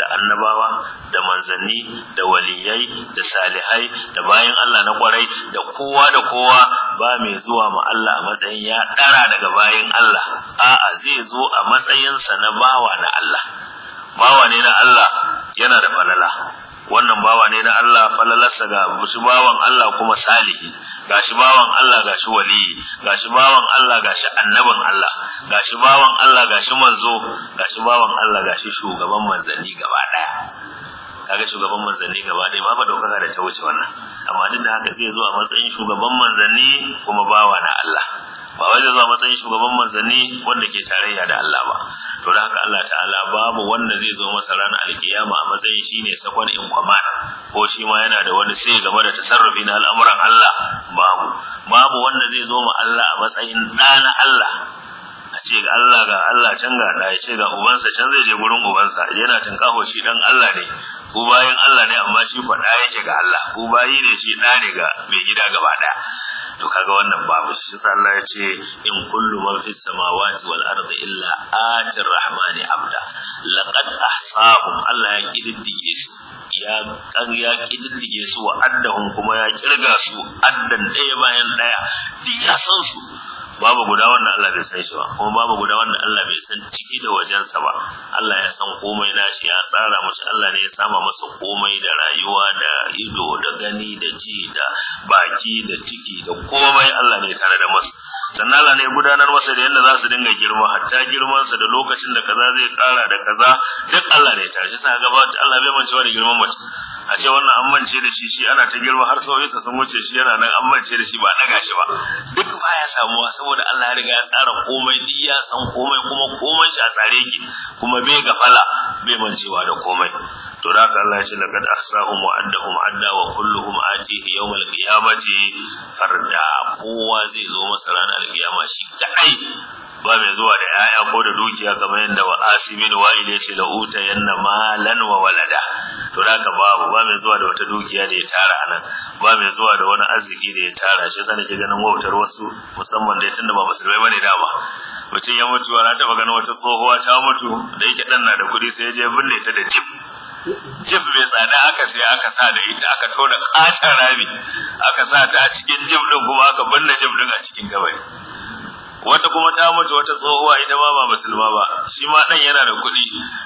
da annabawa da manzanni da waliyai da salihai da bayan Allah na kwarai da kowa da kowa ba mai zuwa ma Allah a matsayin ya ɗara daga bayan Allah a'a zai zo a matsayinsa na bawa na Allah bawa ne na Allah yana da falala wannan bawa ne na Allah falalarsa ga su bawan Allah kuma salihi shi bawan Allah ga gashi wali shi bawan Allah ga shi annabin Allah ga shi bawan Allah ga gashi manzo shi bawan Allah ga shi shugaban manzanni gaba ɗaya. kaga shugaban manzanni gaba ɗaya ba fa dokaka da ta wuce wannan amma duk da haka zai zo a matsayin shugaban manzanni kuma bawa na Allah ba wai zai zo matsayin shugaban manzanni wanda ke tarayya da Allah ba to da haka Allah ta'ala babu wanda zai zo masa ranar alkiyama a matsayin shine sakon in kwamana ko shi ma yana da wani sai game da tasarrufi na al'amuran Allah babu babu wanda zai zo ma Allah a matsayin dana Allah a ce ga Allah ga Allah can ga Allah ya ce ga ubansa can zai je gurin ubansa yana kaho shi dan Allah ne ko bayan Allah ne amma shi faɗa yake ga Allah ko bayi ne shi ɗa ne ga mai gida gaba ɗaya to kaga wannan babu shi Allah ya ce in kullu man fi samawati wal ardi illa atir rahmani abda laqad ahsahum Allah ya kididdige su ya kan ya kididdige su wa addahum kuma ya kirga su addan ɗaya bayan ɗaya duk ya san su babu guda wanda Allah bai san shi ba kuma babu guda wanda Allah bai san ciki da wajensa ba Allah ya san komai nashi ya tsara mashi Allah ne ya sama masa komai da rayuwa da ido da gani da ji da baki da ciki da komai Allah ne tare da masa sannan Allah ne gudanar masa da yadda za su dinga girma hatta girmansa da lokacin da kaza zai kara da kaza duk Allah ne tare shi sa gaba Allah bai mancewa da girman mutum a ce wannan an mance da shi shi ana ta girma har ta sun wuce shi yana nan an mance da shi ba daga shi ba duk ba ya samuwa saboda Allah ya riga ya tsara komai duk ya san komai kuma komai shi a tsare yake kuma bai gafala bai mancewa da komai to da haka Allah ya ce laqad ahsahum wa addahum adda wa kulluhum yawm al qiyamati farda kowa zai zo masa ranar kiyama shi kadai ba mai zuwa da yaya ko da dukiya kamar yadda wa asimin wa'id ce la uta yanna malan wa walada to haka babu ba mai zuwa da wata dukiya da ya tara anan ba mai zuwa da wani arziki da ya tara shi zan ke ganin wautar wasu musamman dai tunda ba musulmai bane da ba mutum ya mutu ana taba ganin wata tsohuwa ta mutu da yake dan na da kuɗi sai ya je binne ta da jib jif mai tsada aka sai aka sa da ita aka tona katon rami aka sa ta a cikin jif din kuma aka binne jif din a cikin kabari wata kuma ta mutu wata tsohuwa ita ma ba musulma ba shi ma dan yana da kuɗi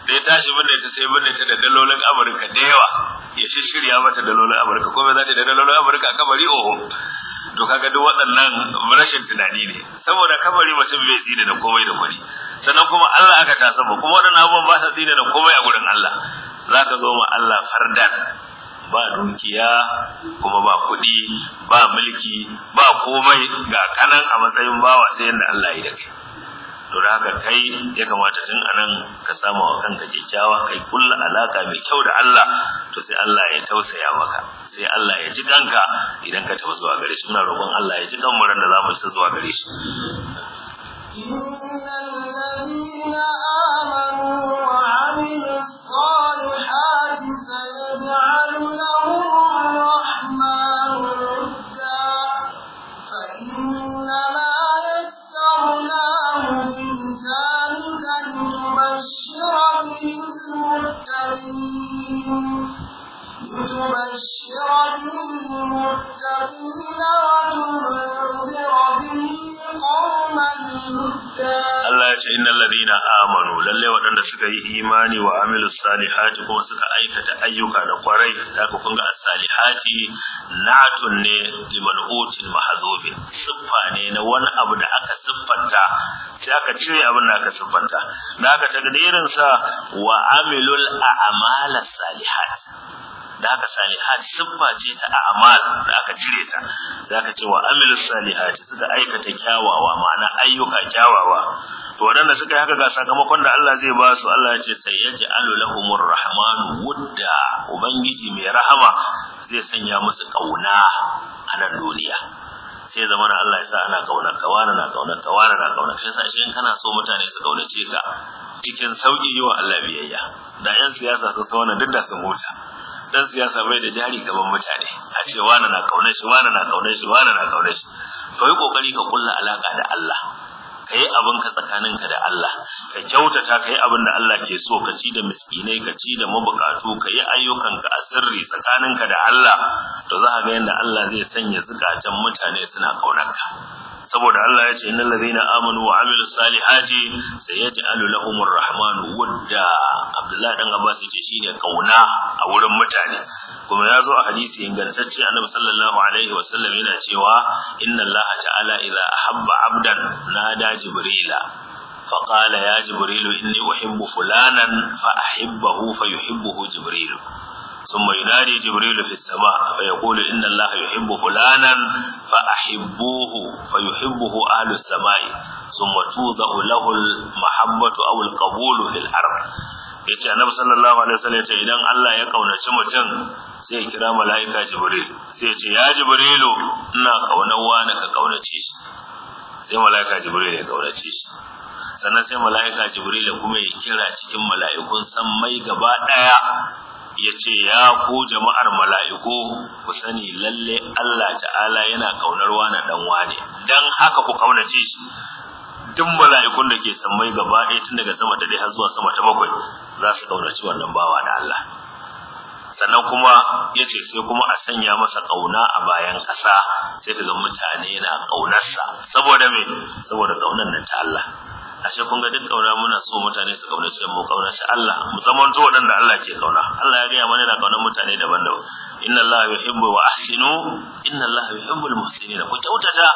da ya tashi da ta sai binne ta da dalolin Amurka da yawa ya shirya mata dalolin Amurka ko bai za ta da dalolin Amurka a kabari oho to kaga duk waɗannan rashin tunani ne saboda kabari mutum bai tsine da komai da kuɗi sannan kuma Allah aka tasa ba kuma waɗannan abubuwan ba sa tsine da komai a gurin Allah zaka zo ma Allah fardan ba dukiya kuma ba kuɗi ba mulki ba komai ga kanan a matsayin bawa sai yadda Allah ya yi da kai to da haka kai ya kamata tun anan ka samu wa kanka kyakkyawa kai kulla alaka mai kyau da Allah to sai Allah ya tausaya maka sai Allah ya ji kanka idan ka tafi zuwa gare shi muna roƙon Allah ya ji kan mu da zamu tafi zuwa gare shi waɗanda suka yi imani wa amilu salihati kuma suka aikata ayyuka da kwarai da ka kunga salihati Na ne li mal'utin mahzubi siffa ne na wani abu da aka siffanta sai aka cire abin da aka siffanta da aka tagdirin sa wa amilul a'mal salihat da aka salihat siffa ce ta a'mal da aka cire ta zaka ce wa amilus salihati suka aikata kyawawa ma'ana ayyuka kyawawa to waɗanda suka yi haka ga sakamakon da Allah zai ba su Allah ya ce sai ya ji alulahumur rahmanu wudda ubangiji mai rahama zai sanya musu kauna a nan duniya sai zama na Allah ya sa ana kauna kawana na kauna ka na kauna shi yasa shi in kana so mutane su ce ka cikin sauki yi wa Allah biyayya da yan siyasa sun san wannan duk da sun huta dan siyasa bai da jari gaban mutane a ce wani na kaunar shi wani na kaunar shi wani na kaunar shi to yi kokari ka kulla alaka da Allah kai abin ka tsakaninka da Allah ka kyautata kai abin da Allah ke so ka ci da miskinai ka ci da mabukatu ka yi ka a sirri tsakaninka da Allah to za ka ga yadda Allah zai sanya zukatan mutane suna kaunarka saboda Allah ya ce innal ladhina amanu wa amilus salihati sayaj'alu lahumur rahmanu wadda Abdullah dan Abbas ya ce shine kauna a wurin mutane kuma ya zo a hadisi ingantacce annabi sallallahu alaihi wa sallam yana cewa inna allah ta'ala idza ahabba abdan nada jibrila fa qala ya jibrilu inni uhibbu fulanan fa ahibbahu fa yuhibbuhu jibrilu ثم ينادي جبريل في السماء فيقول إن الله يحب فلانا فأحبوه فيحبه أهل السماء ثم توضع له المحبة أو القبول في الأرض ce annabi sallallahu alaihi wasallam ce idan Allah ya kaunaci mutum sai ya kira malaika jibril sai ya ce ya jibrilu ina kaunar wani ka kaunace shi sai malaika jibril ya kaunace shi sannan sai malaika jibril kuma ya kira cikin mala'ikun san mai gaba daya ce ya ku jama'ar mala'iku ku sani lalle Allah ta'ala yana kaunar wani dan wani dan haka ku kaunace shi duk mala'ikun da ke sammai gaba ɗaya tun daga sama ta ɗaya har zuwa sama ta bakwai za su kaunaci wannan bawa da Allah sannan kuma yace sai kuma a sanya masa kauna a bayan kasa sai ka ga mutane na kaunarsa saboda me saboda kaunar nan ta Allah ashe kun ga duk kauna muna so mutane su kaunace mu shi? Allah mu zaman to wadanda Allah ke kauna Allah ya gaya mana na kaunar mutane daban-daban inna allaha yuhibbu wa ahsinu inna allaha yuhibbul muhsinin ku kyautata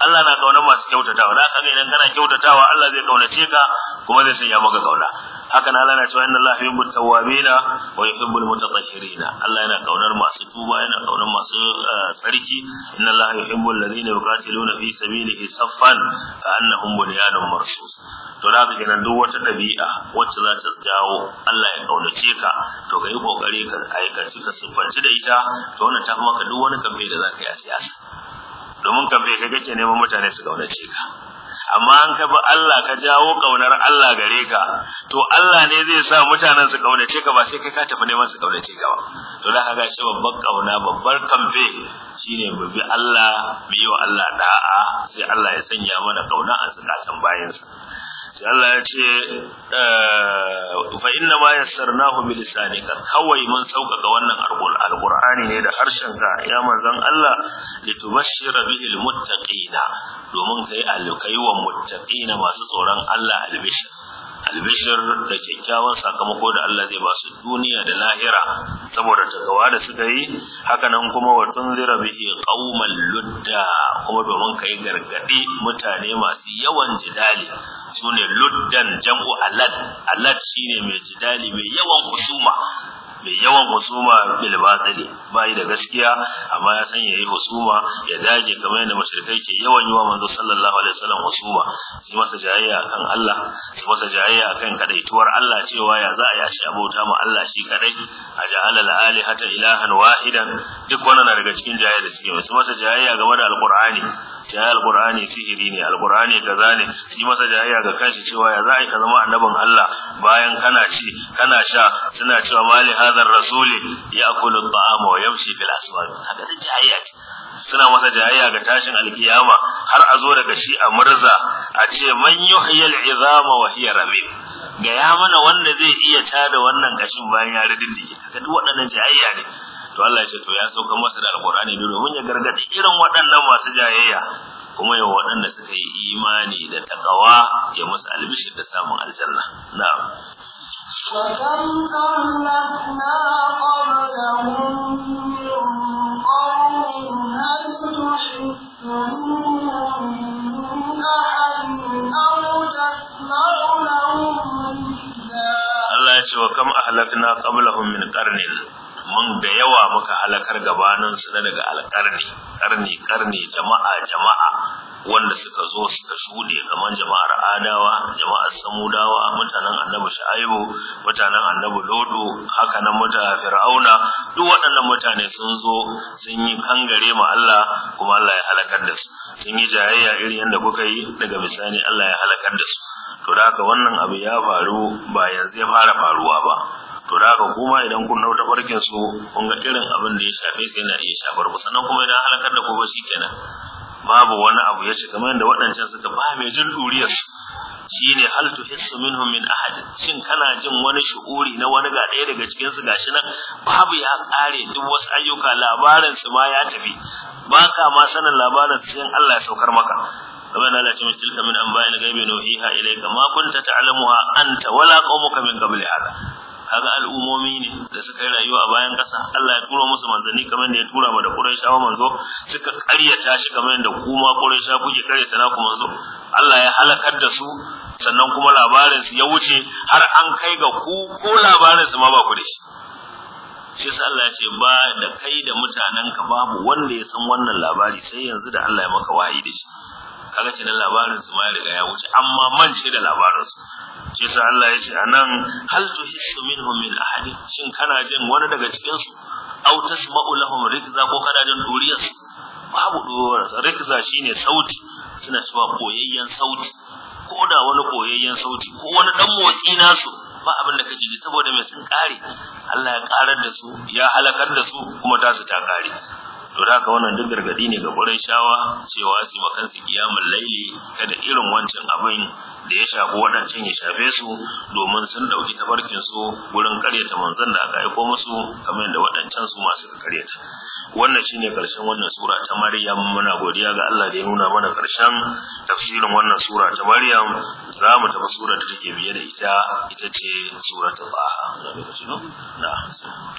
Allah na kauna masu kyautata, kyautatawa da kaga idan kana kyautatawa Allah zai kaunace ka kuma zai sanya maka kauna haka nan Allah na cewa inna allaha yuhibbu tawwabina wa yuhibbul mutatahhirina Allah yana kaunar masu tuba yana kaunar masu eh, tsarki inna allaha yuhibbul ladina yuqatiluna fi sabilihi saffan ka annahum bunyanun marsus to da ka kenan duk wata ɗabi'a wacce za ta jawo Allah ya kaunace ka to ka yi kokari ka aikaci ka siffanci da ita to wannan ta maka duk wani kamfe da za ka yi a siyasa domin kamfe ka kake neman mutane su kaunace ka amma an ka bi Allah ka jawo ƙaunar Allah gare ka to Allah ne zai sa mutanen su kaunace ka ba sai kai ka tafi neman su kaunace ka ba to da ka gashi babbar kauna babbar kamfe shine mu bi Allah mu yi wa Allah da'a sai Allah ya sanya mana ƙauna a zakatan bayansa sai Allah ya ce eh, fa inna ma yassarnahu bi lisanika kawai mun sauƙaƙa wannan alqur'ani ne da harshen ka ya manzon Allah litubashshira bihi almuttaqina domin kai alkai wa muttaqina masu tsoron Allah albishir albishir da kyakkyawan sakamako da Allah zai ba su duniya da lahira saboda takawa da suka yi hakanan kuma wa tunzira bihi qauman ludda kuma domin kai gargadi mutane masu yawan jidali sune luddan jam'u alad alad shine mai jidali mai yawan husuma mai yawan husuma bil batili bai da gaskiya amma ya san yayi husuma ya dage kamar yadda mushrikai ke yawan yi wa manzo sallallahu alaihi wasallam husuma su masa jayayya akan Allah su masa jayayya akan kadaituwar Allah cewa ya za a yashi abota mu Allah shi kadai a ja'ala al-alihata ilahan wahidan duk wannan na daga cikin jayayya da suke su masa jayayya game da alqur'ani ce ai alqur'ani sihiri ne alqur'ani kaza ne shi masa jayayya ga kanshi cewa ya za'i ka zama annabin Allah bayan kana ci kana sha suna cewa mali hadar rasuli ya'kulu at wa yamshi fil aswaq haka da jayayya ce suna masa jayayya ga tashin alkiyama har a zo daga shi a murza a ce man yuhyil izama wa hiya ramim ga ya mana wanda zai iya tada wannan gashin bayan ya ridin haka duk waɗannan jayayya ne to Allah ya ce to ya sauka masa da alqur'ani ne domin ya gargadi irin waɗannan masu jayayya kuma yau waɗanda suka yi imani da takawa ya musu albishir da samun aljanna na'am وكم كلتنا قبلهم من قوم هل تحس منهم أحد أو تسمع لهم الله أهلكنا قبلهم من قرن mun da yawa muka halakar gabanin su na daga alƙarni ƙarni ƙarni jama'a jama'a wanda suka zo suka shuɗe kamar jama'ar adawa jama'ar samudawa mutanen annabi shu'aibu mutanen annabi lodo haka nan mutanen fir'auna duk waɗannan mutane sun zo sun yi kangare ma Allah kuma Allah ya halakar da su sun yi jayayya irin yadda kuka yi daga bisani Allah ya halakar da su to da haka wannan abu ya faru ba yanzu ya fara faruwa ba to da haka kuma idan kun nauta barkin su kun ga irin abin da ya shafe sai na iya shafar ku sannan kuma idan halakar da ku ba kenan babu wani abu ya ce kamar yadda waɗancan suka ba mai jin duriyar ne hal tuhissu minhum min ahad shin kana jin wani shu'uri na wani ga ɗaya daga cikin su gashi nan babu ya kare duk wasu ayyuka labarin su ma ya tafi baka ma sanin labarin su sai Allah ya saukar maka kamar Allah ce tilka min anba'il ghaibi nuhiha ilayka ma kunta ta'lamuha anta wala qaumuka min qabli hada kaga al'ummomi ne da suka yi rayuwa a bayan ƙasa Allah ya tura musu manzanni kamar da ya tura ma da Qurayshawa manzo suka ƙaryata shi kamar yadda kuma ya kuke ƙaryata naku manzo Allah ya halakar da su sannan kuma labarin su ya wuce har an kai ga ku ko labarin su ma ba ku da shi shi yasa Allah ya ce ba da kai da mutanenka babu wanda ya san wannan labari sai yanzu da Allah ya maka wahayi da shi kaga kenan labarin su ma ya riga ya wuce amma man shi da labarin su shi sa Allah ya ce anan hal tuhishu minhum min ahadin shin kana jin wani daga cikin su aw tasma'u lahum rikza ko kana jin duriyar su babu duriyar su rikza shine sauti suna cewa koyayyen sauti ko da wani koyayyen sauti ko wani dan motsi nasu ba abin da kaji saboda mai sun kare Allah ya karar da su ya halakar da su kuma ta su ta kare to da haka wannan duk gargadi ne ga shawa, cewa su makan kansu kiyamul laili kada irin wancan abin da ya shafi waɗancan ya shafe su domin sun ɗauki tabarkin su gurin karyata manzon da aka aiko musu kamar yadda waɗancan su masu karyata wannan shine karshen wannan sura ta Maryam muna godiya ga Allah da ya nuna mana karshen tafsirin wannan sura ta Maryam za mu tafi sura da take biye da ita ita ce suratul Taha na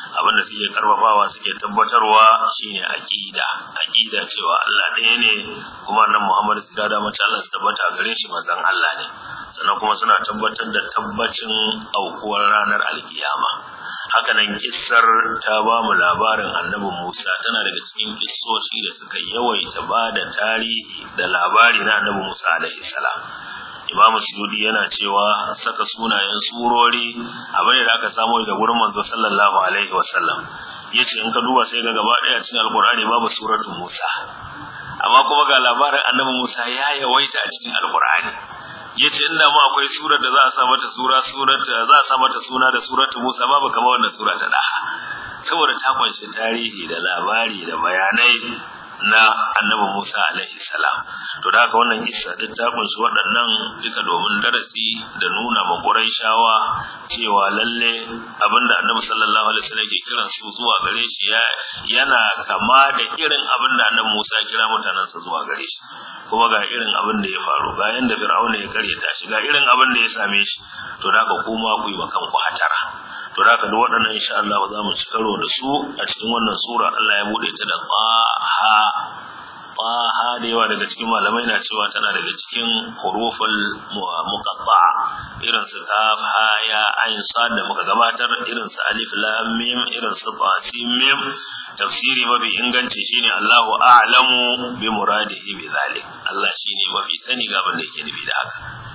abinda da suke karfafawa suke tabbatarwa shine aqida aqida cewa Allah ɗaya ne kuma nan Muhammad su gada mace Allah su tabbata gare shi mazan Allah ne sannan kuma suna tabbatar da tabbacin aukuwar ranar alkiyama haka nan kissar ta ba mu labarin annabi Musa tana daga cikin kissoshi da suka yawaita ba da tarihi da labari na annabi Musa alaihi salam imamu sujudi yana cewa saka sunayen surori abin da aka samo daga wurin manzo sallallahu alaihi wa sallam yace in ka duba sai ga gaba daya cikin alqur'ani babu suratul musa amma kuma ga labarin annabi musa ya yawaita a cikin alqur'ani yace inda ma akwai surar da za a sa mata sura surat za a sa mata suna da suratul musa babu kamar wannan sura ta da saboda ta kunshi tarihi da labari da bayanai na annabi Musa alaihi salam to da haka wannan kissa ta tabun su waɗannan duka domin darasi da nuna ma Qurayshawa cewa lalle abinda annabi sallallahu alaihi wasallam ke kiran su zuwa gare shi yana kama da irin abinda annabi Musa kira mutanen sa zuwa gare shi kuma ga irin abin da ya faru ga yanda Fir'auna ya karyata shi ga irin abin da ya same shi to da haka kuma ku yi makan ku hatara to da duk waɗannan insha Allah za mu ci karo da su a cikin wannan sura Allah ya bude ta da taha taha da yawa daga cikin malamai na cewa tana daga cikin hurufal muqatta irin su kaf ha ya ayin sad da muka gabatar irin su alif lam mim irin su ta mim tafsiri mafi inganci shine Allahu a'lamu bi muradihi bi zalik Allah shine mafi sani ga abin da yake nufi da haka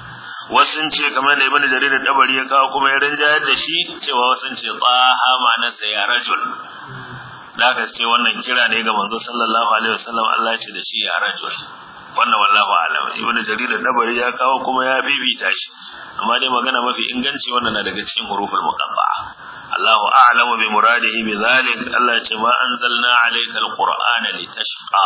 wasu ce kamar da ibn jarir da dabari ya kawo kuma ya rinja yadda shi cewa wasu ce tsaha ma'anarsa ya rajul da ka ce wannan kira ne ga manzo sallallahu alaihi wasallam Allah ce da shi ya rajul wannan wallahu alam ibn jarir da dabari ya kawo kuma ya bibita shi amma dai magana mafi inganci wannan na daga cikin huruful muqaffa'a Allahu a'lamu bi muradihi bi zalik Allah ce ma anzalna alayka alqur'ana litashqa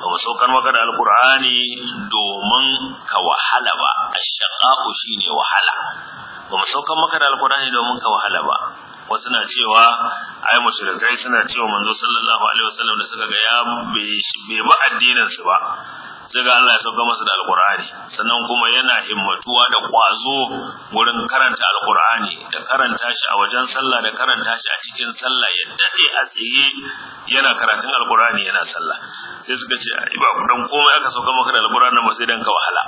ba mu saukar maka da alqur'ani domin ka wahala ba ashqaqu shine wahala ba mu maka da domin ka wahala ba wasu na cewa ai mushrikai suna cewa manzo sallallahu alaihi wasallam da suka ga ya bai ba addinin su ba sai ga Allah ya sauka masa da alkur'ani sannan kuma yana himmatuwa da kwazo wurin karanta alkur'ani da karanta shi a wajen sallah da karanta shi a cikin sallah ya dade a tsaye yana karatun Alkur'ani yana sallah sai suka ce ai ba dan komai aka sauka maka da Alkur'ani ba sai dan ka wahala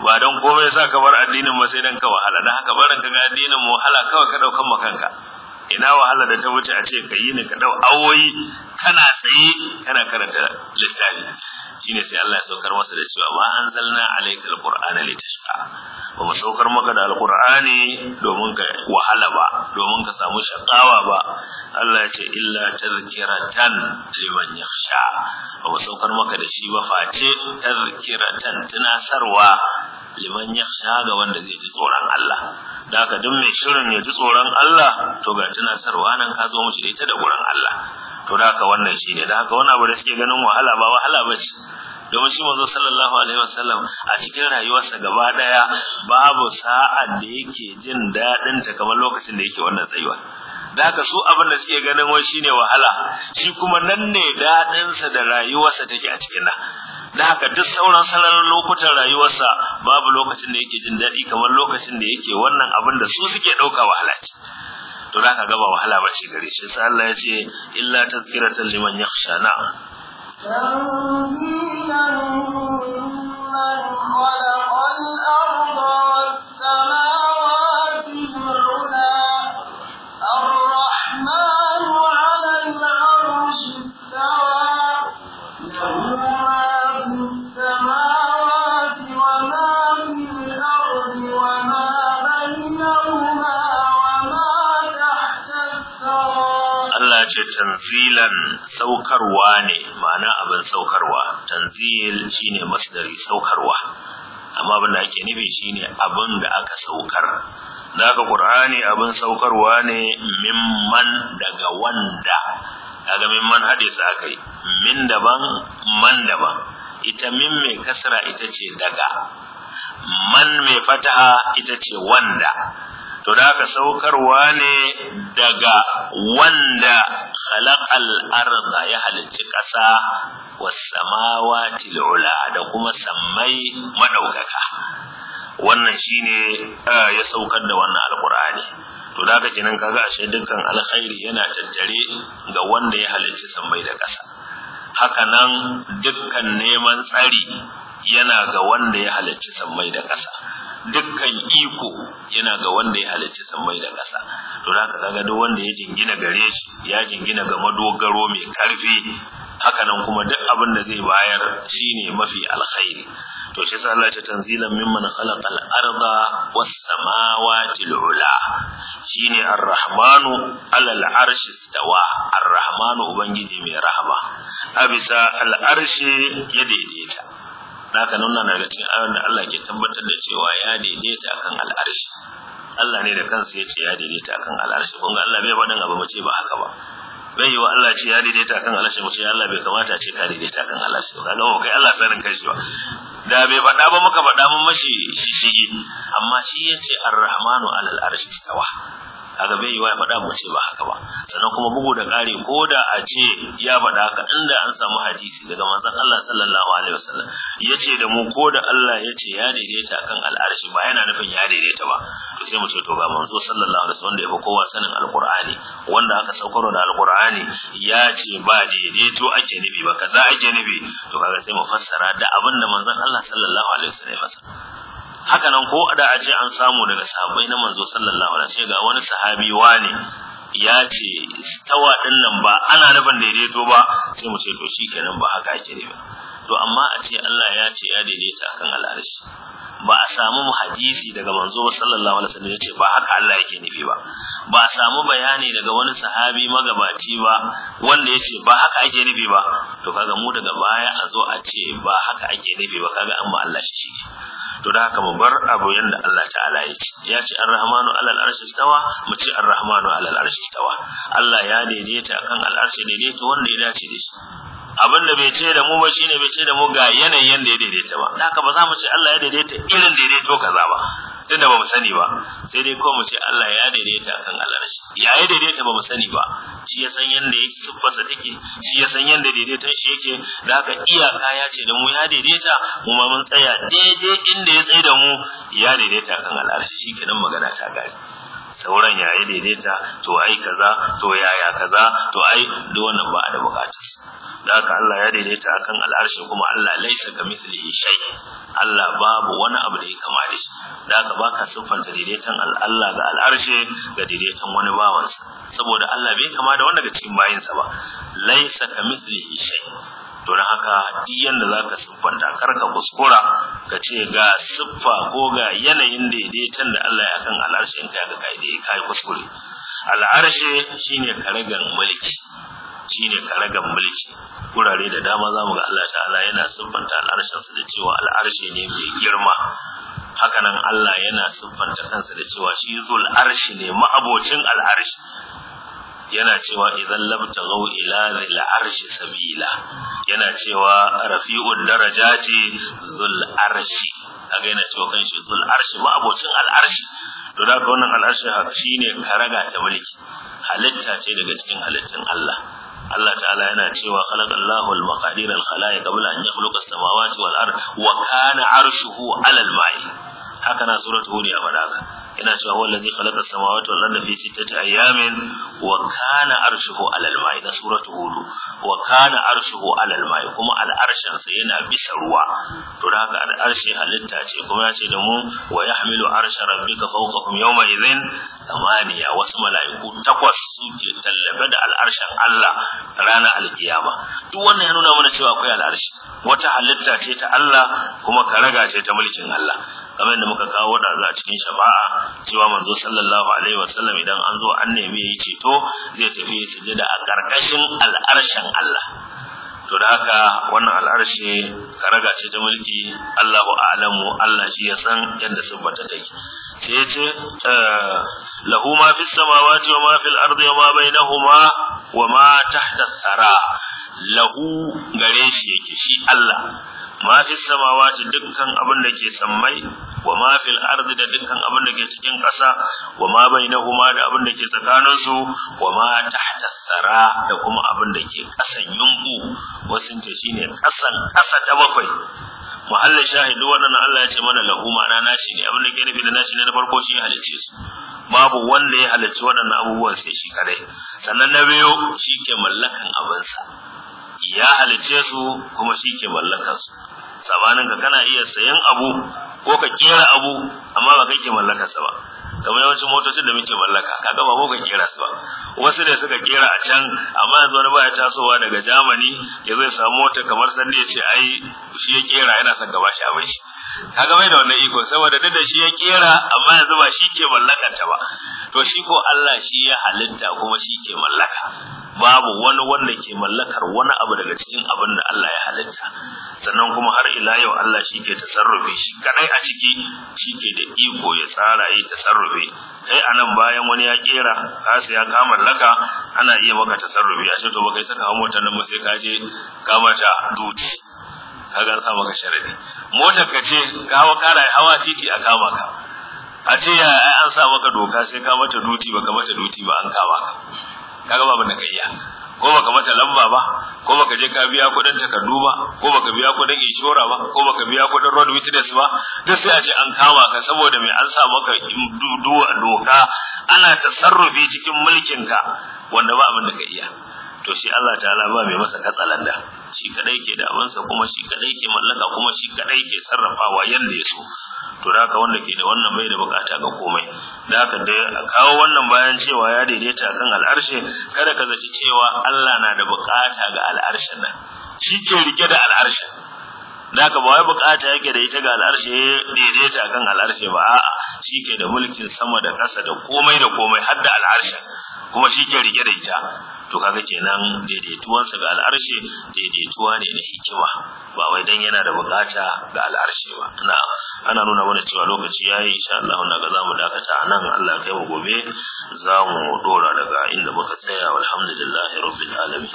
ba dan komai yasa ka bar addinin ba sai dan ka wahala dan haka barin ka ga addinin wahala kawai ka daukan makanka ina wahala da ta wuce a ce ka yi ne ka dau awoyi kana tsaye kana karanta littafi shine sai Allah ya saukar masa da cewa ma anzalna alaikal qur'ana litashqa ba mu saukar maka da alqur'ani domin ka wahala ba domin ka samu shakawa ba Allah ya ce illa tazkiratan liman yakhsha ba mu saukar maka da shi ba face tazkiratan tunasarwa liman yakhsha ga wanda zai ji tsoron Allah da haka duk mai shirin ya ji tsoron Allah to ga tunasarwa nan ka zo mishi da ita da gurin Allah to da haka wannan shi ne, da haka wannan abu da suke ganin wahala ba wahala ba ce domin shi manzo sallallahu alaihi wasallam a cikin rayuwarsa gaba daya babu sa'a da yake jin dadin ta kamar lokacin da yake wannan tsayuwa da haka su abin da suke ganin wai shine wahala shi kuma nan ne dadin sa da rayuwarsa take a cikin nan da haka duk sauran sararin lokutan rayuwarsa babu lokacin da yake jin dadi kamar lokacin da yake wannan abin da su suke dauka wahala ce to za ka gaba wahala ba shi gare shi sai Allah ya ce illa tazkiratan liman yakhsha na tanzilan mimman khalaqa ce tanzilan saukarwa ne ma'ana abin saukarwa tanzil shine masdari saukarwa amma abin da ake nufi shine abin da aka saukar daga qur'ani abin saukarwa ne mimman daga wanda kaga mimman hadisi akai min daban man daban ita min mai kasra ita ce daga man mai fataha ita ce wanda to da ka saukarwa ne daga wanda khalaqal arda ya halicci ƙasa was samawati tilola da kuma sammai madaukaka wannan shine ya saukar da wannan alqur'ani to da ka nan kaga ashe dukkan alkhairi yana tattare ga wanda ya halicci sammai da ƙasa haka nan dukkan neman tsari yana ga wanda ya halicci sammai da ƙasa dukkan iko yana ga wanda ya halarci samai da ƙasa to da zaga duk wanda ya jingina gare shi ya jingina ga madogaro mai karfi haka nan kuma duk abin da zai bayar shine mafi alkhairi to shi yasa Allah ya tanzila mimman khalaqal arda was samawati ula shine ar-rahmanu alal arshi stawa ar-rahmanu ubangiji mai rahama abisa al-arshi ya daidaita haka nuna daga cikin ayoyin da Allah ke tabbatar da cewa ya daidaita akan al'arshi Allah ne da kansa ya ce ya daidaita akan al'arshi kun ga Allah bai faɗin abu ba ce ba haka ba bai yi wa Allah ce ya daidaita akan al'arshi mu ce Allah bai kamata ce ka daidaita akan al'arshi ba ga kai Allah sanin kai shi ba da bai faɗa ba muka faɗa mun mashi shi amma shi ya ce ar-rahmanu alal arshi tawa kaga bai wa ya faɗa mu ce ba haka ba sannan kuma bugu da ƙari ko da a ce ya faɗa haka inda an samu hadisi daga manzon Allah sallallahu alaihi wasallam yace da mu ko da Allah yace ya daidaita kan al'arshi ba yana nufin ya daidaita ba to sai mu ce to ga manzo sallallahu alaihi wasallam da yafi kowa sanin alqur'ani wanda aka saukar da alqur'ani ya ce ba daidaito ake nufi ba kaza ake nufi to kaga sai mu fassara da abinda da manzon Allah sallallahu alaihi wasallam ya fasa. haka nan ko da a ce an samu daga sahabbai na manzo sallallahu alaihi wasallam ga wani sahabi wane ya ce tawa din nan ba ana nufin daidaito ba sai mu ce to shikenan ba haka ake ne ba to amma a ce Allah ya ce ya daidaita akan al'arshi ba a samu hadisi daga manzo sallallahu alaihi wasallam yace ba haka Allah yake nufi ba ba a samu bayani daga wani sahabi magabaci ba wanda yace ba haka ake nufi ba to kaga mu daga baya a zo a ce ba haka ake nufi ba kaga amma Allah shi shi to da haka mu bar abu yanda Allah ta'ala ya ce ya ce ar-rahmanu alal arshi istawa mu ce ar-rahmanu alal arshi istawa Allah ya daidaita akan al-arshi wanda ya dace da shi abin da bai ce da mu ba shine bai ce da mu ga yanayin yanda ya daidaita ba Da haka ba za mu ce Allah ya daidaita irin daidaito kaza ba tunda ba mu sani ba sai dai kawai mu ce Allah ya daidaita kan al'arshi ya ya daidaita ba mu sani ba shi ya san yanda yake siffarsa take shi ya san yanda daidaiton shi yake da haka iyaka ya ce da mu ya daidaita mu ma mun tsaya daidai inda ya tsaye da mu ya daidaita kan al'arshi kenan magana ta gari sauran ya ya daidaita to ai kaza to yaya kaza to ai duk wannan ba a da bukatarsa da aka Allah ya daidaita akan al'arshi kuma Allah laisa ka mislihi shay Allah babu wani abu da ya kama da shi da aka baka siffanta daidaitan Allah ga al'arshi ga daidaitan wani bawansa saboda Allah bai kama da wanda daga cikin sa ba laisa ka mislihi shay to dan haka duk yanda zaka kar karka kuskura ka ce ga siffa ko ga yanayin daidaitan da Allah ya kan in ka ga kai dai kai kuskure al'arshi shine karagan mulki shine karagan mulki wurare da dama zamu ga Allah ta'ala yana siffanta al'arshin da cewa al'arshi ne mai girma hakanan Allah yana siffanta kansa da cewa shi zul arshi ne ma'abocin al'arshi yana cewa idan labtaghu ila zil arshi sabila yana cewa rafi'ud darajati zul arshi kaga yana cewa kanshi zul arshi ma'abocin al'arshi to da wannan al'arshi shine karaga ta mulki halitta ce daga cikin halittun Allah Allah ta'ala yana cewa khalaqallahu al-maqadir al-khalaiq qabla an yakhluqa as-samawati wal ard wa kana arshuhu 'ala al-ma'i haka na suratu hud ya faɗa haka yana cewa huwa allazi khalaqa as-samawati wal arda fi sittati ayamin wa kana arshuhu 'ala mai da suratu hud wa kana arshuhu 'ala mai kuma al-arshin sa yana bisa ruwa to da haka al-arshi halitta ce kuma yace da mu wa yahmilu arsha rabbika fawqahum yawma idhin samaniya wasu mala'iku takwas suke tallafe da al Allah ranar al-kiyama duk wannan ya nuna mana cewa akwai al-arshi wata halitta ce ta Allah kuma karaga ce ta mulkin Allah kamar da muka kawo da za a cikin shafa'a cewa manzo sallallahu alaihi wasallam idan an zo an nemi yayi ceto zai tafi sujada a karkashin al'arshin Allah to da haka wannan al'arshe karaga ce ta mulki Allahu a'lamu Allah shi ya san yadda siffata take sai ya ce eh, lahu ma fi samawati wa ma fil ardi wa ma bainahuma wa ma tahta thara lahu gare shi yake shi Allah ma fi samawati dukkan abin da ke sammai wa ma fil ardi da dukkan abin da ke cikin ƙasa wa ma bainahuma da abin da ke tsakanin su wa ma tahta sara da kuma abin da ke ƙasan yumbu wasu ce shine ƙasan ƙasa ta bakwai muhallin shahidu wannan Allah ya ce mana lahu ma'ana nashi ne abin da ke nufi da nashi ne na farko shi ya halicce su babu wanda ya halicci waɗannan abubuwan sai shi kadai sannan na biyu shi ke mallakan abinsa ya halice su kuma shi ke mallakar su ka kana iya sayan abu ko ka kera abu amma ba kai ke mallakar ba kamar yawancin motocin da muke mallaka kaga ba ka kera su ba wasu da suka kera a can amma yanzu wani baya tasowa daga Germany ya zai samu mota kamar sanda ya ce ai shi ya kera yana son gaba shi abin shi Ka ga bai da wannan iko saboda duk da shi ya kera amma yanzu ba shi ke mallaka ta ba to shi ko Allah shi ya halitta kuma shi ke mallaka babu wani wanda ke mallakar wani abu daga cikin abin da Allah ya halitta sannan kuma har ila yau Allah shi ke tasarrufe shi kadai a ciki shi ke da iko ya tsara yi tasarrufe a nan bayan wani ya kera sai ya kama mallaka ana iya maka tasarrufi a ce to baka saka mota nan ba sai ka je ka mata duti kaga an sa maka sharadi motar ka ce ka wa kara hawa titi a kama ka a ce ya an sa maka doka sai ka mata duti ba ka mata duti ba an kama ka kaga babu na kayya ko baka mata lamba ba ko baka je ka biya kudin takardu ba ko baka biya kudin inshora ba ko baka biya kudin road witness ba duk sai a ce an kama ka saboda mai an sa maka doka ana tasarrufi cikin mulkin ka wanda ba abin da ka iya to shi Allah ta'ala ba mai masa katsalanda shi kadai ke da amansa kuma shi kadai ke mallaka kuma shi kadai ke sarrafawa yanda ya so to da haka wanda ke da wannan bai da bukata ga komai da haka da kawo wannan bayan cewa ya daidaita kan al'arshe kada ka zaci cewa Allah na da bukata ga al'arshen nan shi ke rike da al'arshen da haka ba wai bukata yake da ita ga al'arshe daidaita kan al'arshe ba a'a shi ke da mulkin sama da ƙasa da komai da komai har da al'arshen kuma shi ke rike da ita to kaga kenan daidaituwansa ga al'arshe daidaituwa ne na hikima ba wai dan yana da bukata ga al'arshe ba na ana nuna mana cewa lokaci yayi insha Allah wannan ga zamu dakata anan Allah kai mu gobe zamu dora daga inda muka tsaya walhamdulillahi rabbil alamin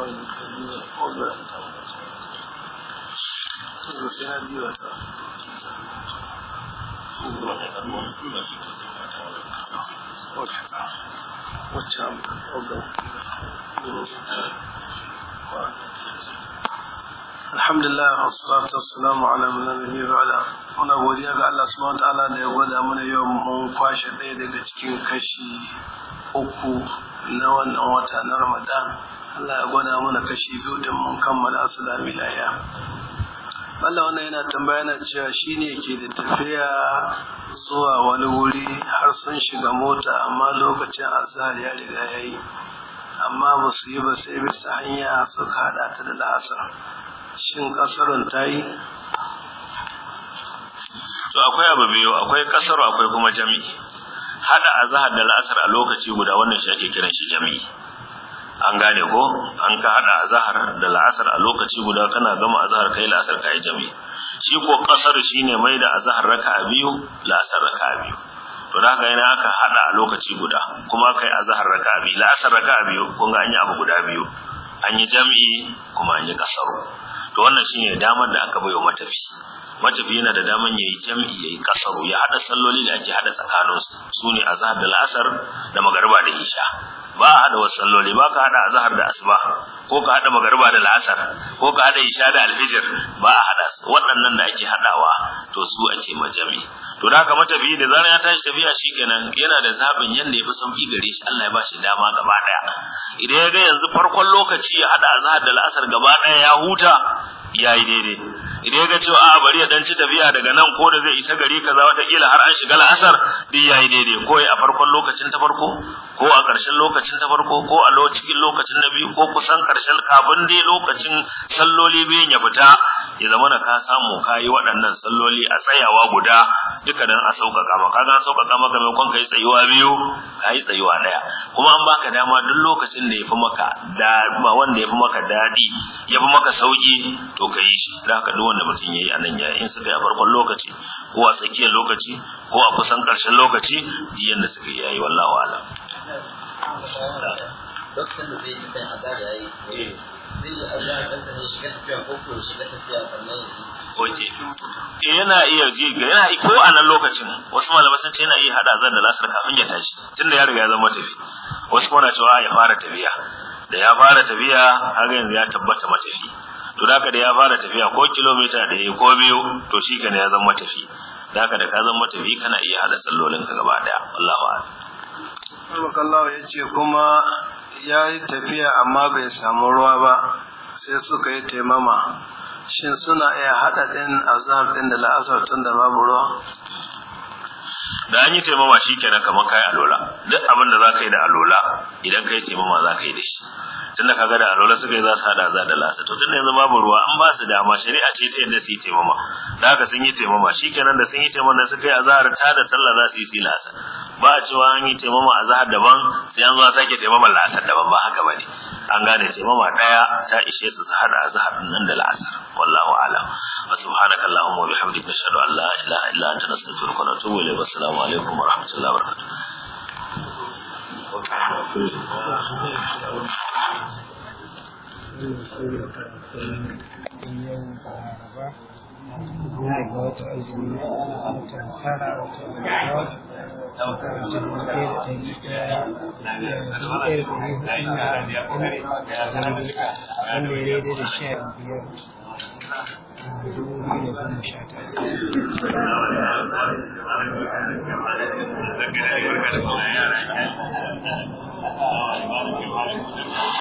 Thank you. na biyu wata wassalamu ala man nabiyyi ba'da muna godiya ga Allah subhanahu wataala da ya gwada mana yau mun kwashe ɗaya daga cikin kashi uku na wannan wata na Ramadan Allah ya gwada mana kashi biyu din mun kammala su da Allah wannan yana tambaya na cewa shi ne ke da tafiya zuwa wani wuri har sun shiga mota amma lokacin azhar ya riga ya yi amma ba su yi ba sai bisa hanya suka haɗa ta da la'asar shin kasarun ta yi to akwai abu biyu akwai ƙasar akwai kuma jami'i hada azhar da la'asar a lokaci guda wannan shi ake kiran shi jami'i an gane ko an ka hada azhar da la'asar a lokaci guda kana gama azhar kai la'asar kai jami shi ko kasar shine mai da azhar raka biyu la'asar raka biyu to da haka yana aka hada a lokaci guda kuma kai azhar raka biyu la'asar raka biyu kun ga an yi abu guda biyu an yi jami'i kuma an yi to wannan shine damar da aka bai wa matafi matafi yana da daman yayi jam'i yayi kasaro ya hada salloli da ake hada tsakanin su ne azhar da asar da magariba da isha ba a hada wasu salloli ba ka hada azhar da asuba ko ka hada magariba da la'asar ko ka hada isha da alfijir ba a hada su waɗannan da ake hadawa to su ake ma jam'i to da haka matafi da zan ya tashi tafiya shikenan yana da zabin yanda ya fi sauki gare shi Allah ya ba shi dama gaba daya idan ya ga yanzu farkon lokaci ya hada azhar da la'asar gaba daya ya huta yi daidai idan ga cewa a bari ya dan ci tafiya daga nan ko da zai isa gari kaza wata kila har an shiga al'asar duk yayi daidai ko a farkon lokacin ta farko ko a ƙarshen lokacin ta farko ko a cikin lokacin na biyu ko kusan ƙarshen kafin dai lokacin salloli biyun ya fita ya zama na ka samu ka yi waɗannan salloli a tsayawa guda duka dan a sauƙaƙa ma. kaga an sauƙaƙa maka maimakon ka yi tsayuwa biyu ka yi tsayuwa ɗaya kuma an baka dama duk lokacin da ya fi maka da wanda ya fi maka daɗi ya fi maka sauƙi to ka yi shi Za ka duk mutum ya yi anan nan ya in suka yi a farkon lokaci ko a tsakiyar lokaci ko a kusan ƙarshen lokaci diyan yadda suka yi ya yi wallahu alam. da zai yi ya zai yi aure a shiga tafiya ko shiga tafiya Yana iya ji yana ko a nan lokacin wasu malamai sun ce yana iya hada zan da lasar kafin ya tashi tunda ya riga ya zama tafi. Wasu kuma na cewa ya fara tafiya. Da ya fara tafiya har yanzu ya tabbata matafi. To da da ya fara tafiya ko kilomita ɗaya ko biyu to shi ya zama matafi. Da da ka zama matafi kana iya hada sallolin ka gaba ɗaya. Allahu a'lam. Allah ya ce kuma ya yi tafiya amma bai samu ruwa ba sai suka yi taimama shin suna iya haɗa ɗin azhar ɗin da la'asar tun da babu ruwa da an yi taimama shi kenan kamar kayi alola duk abin da za ka yi da alola idan ka yi taimama za ka yi da shi tun da kaga da alola suka yi za su hada za da lasa to da yanzu babu ruwa an ba su dama shari'a ce ta yadda su yi taimama da haka sun yi taimama shi nan da sun yi taimama da suka yi azhar ta da sallah za su yi lasa ba a cewa an yi taimama a zahar daban sai an zo a sake taimama la'asar daban ba haka bane an gane taimama daya ta ishe su zahar a zahar nan da la'asar wallahu a'lam wa subhanaka wa bihamdika nashhadu an la ilaha illa anta nastaghfiruka wa natubu ilayk assalamu alaikum wa rahmatullahi wa barakatuh Thank you. wanda ya daidai da sha biyar Thank you.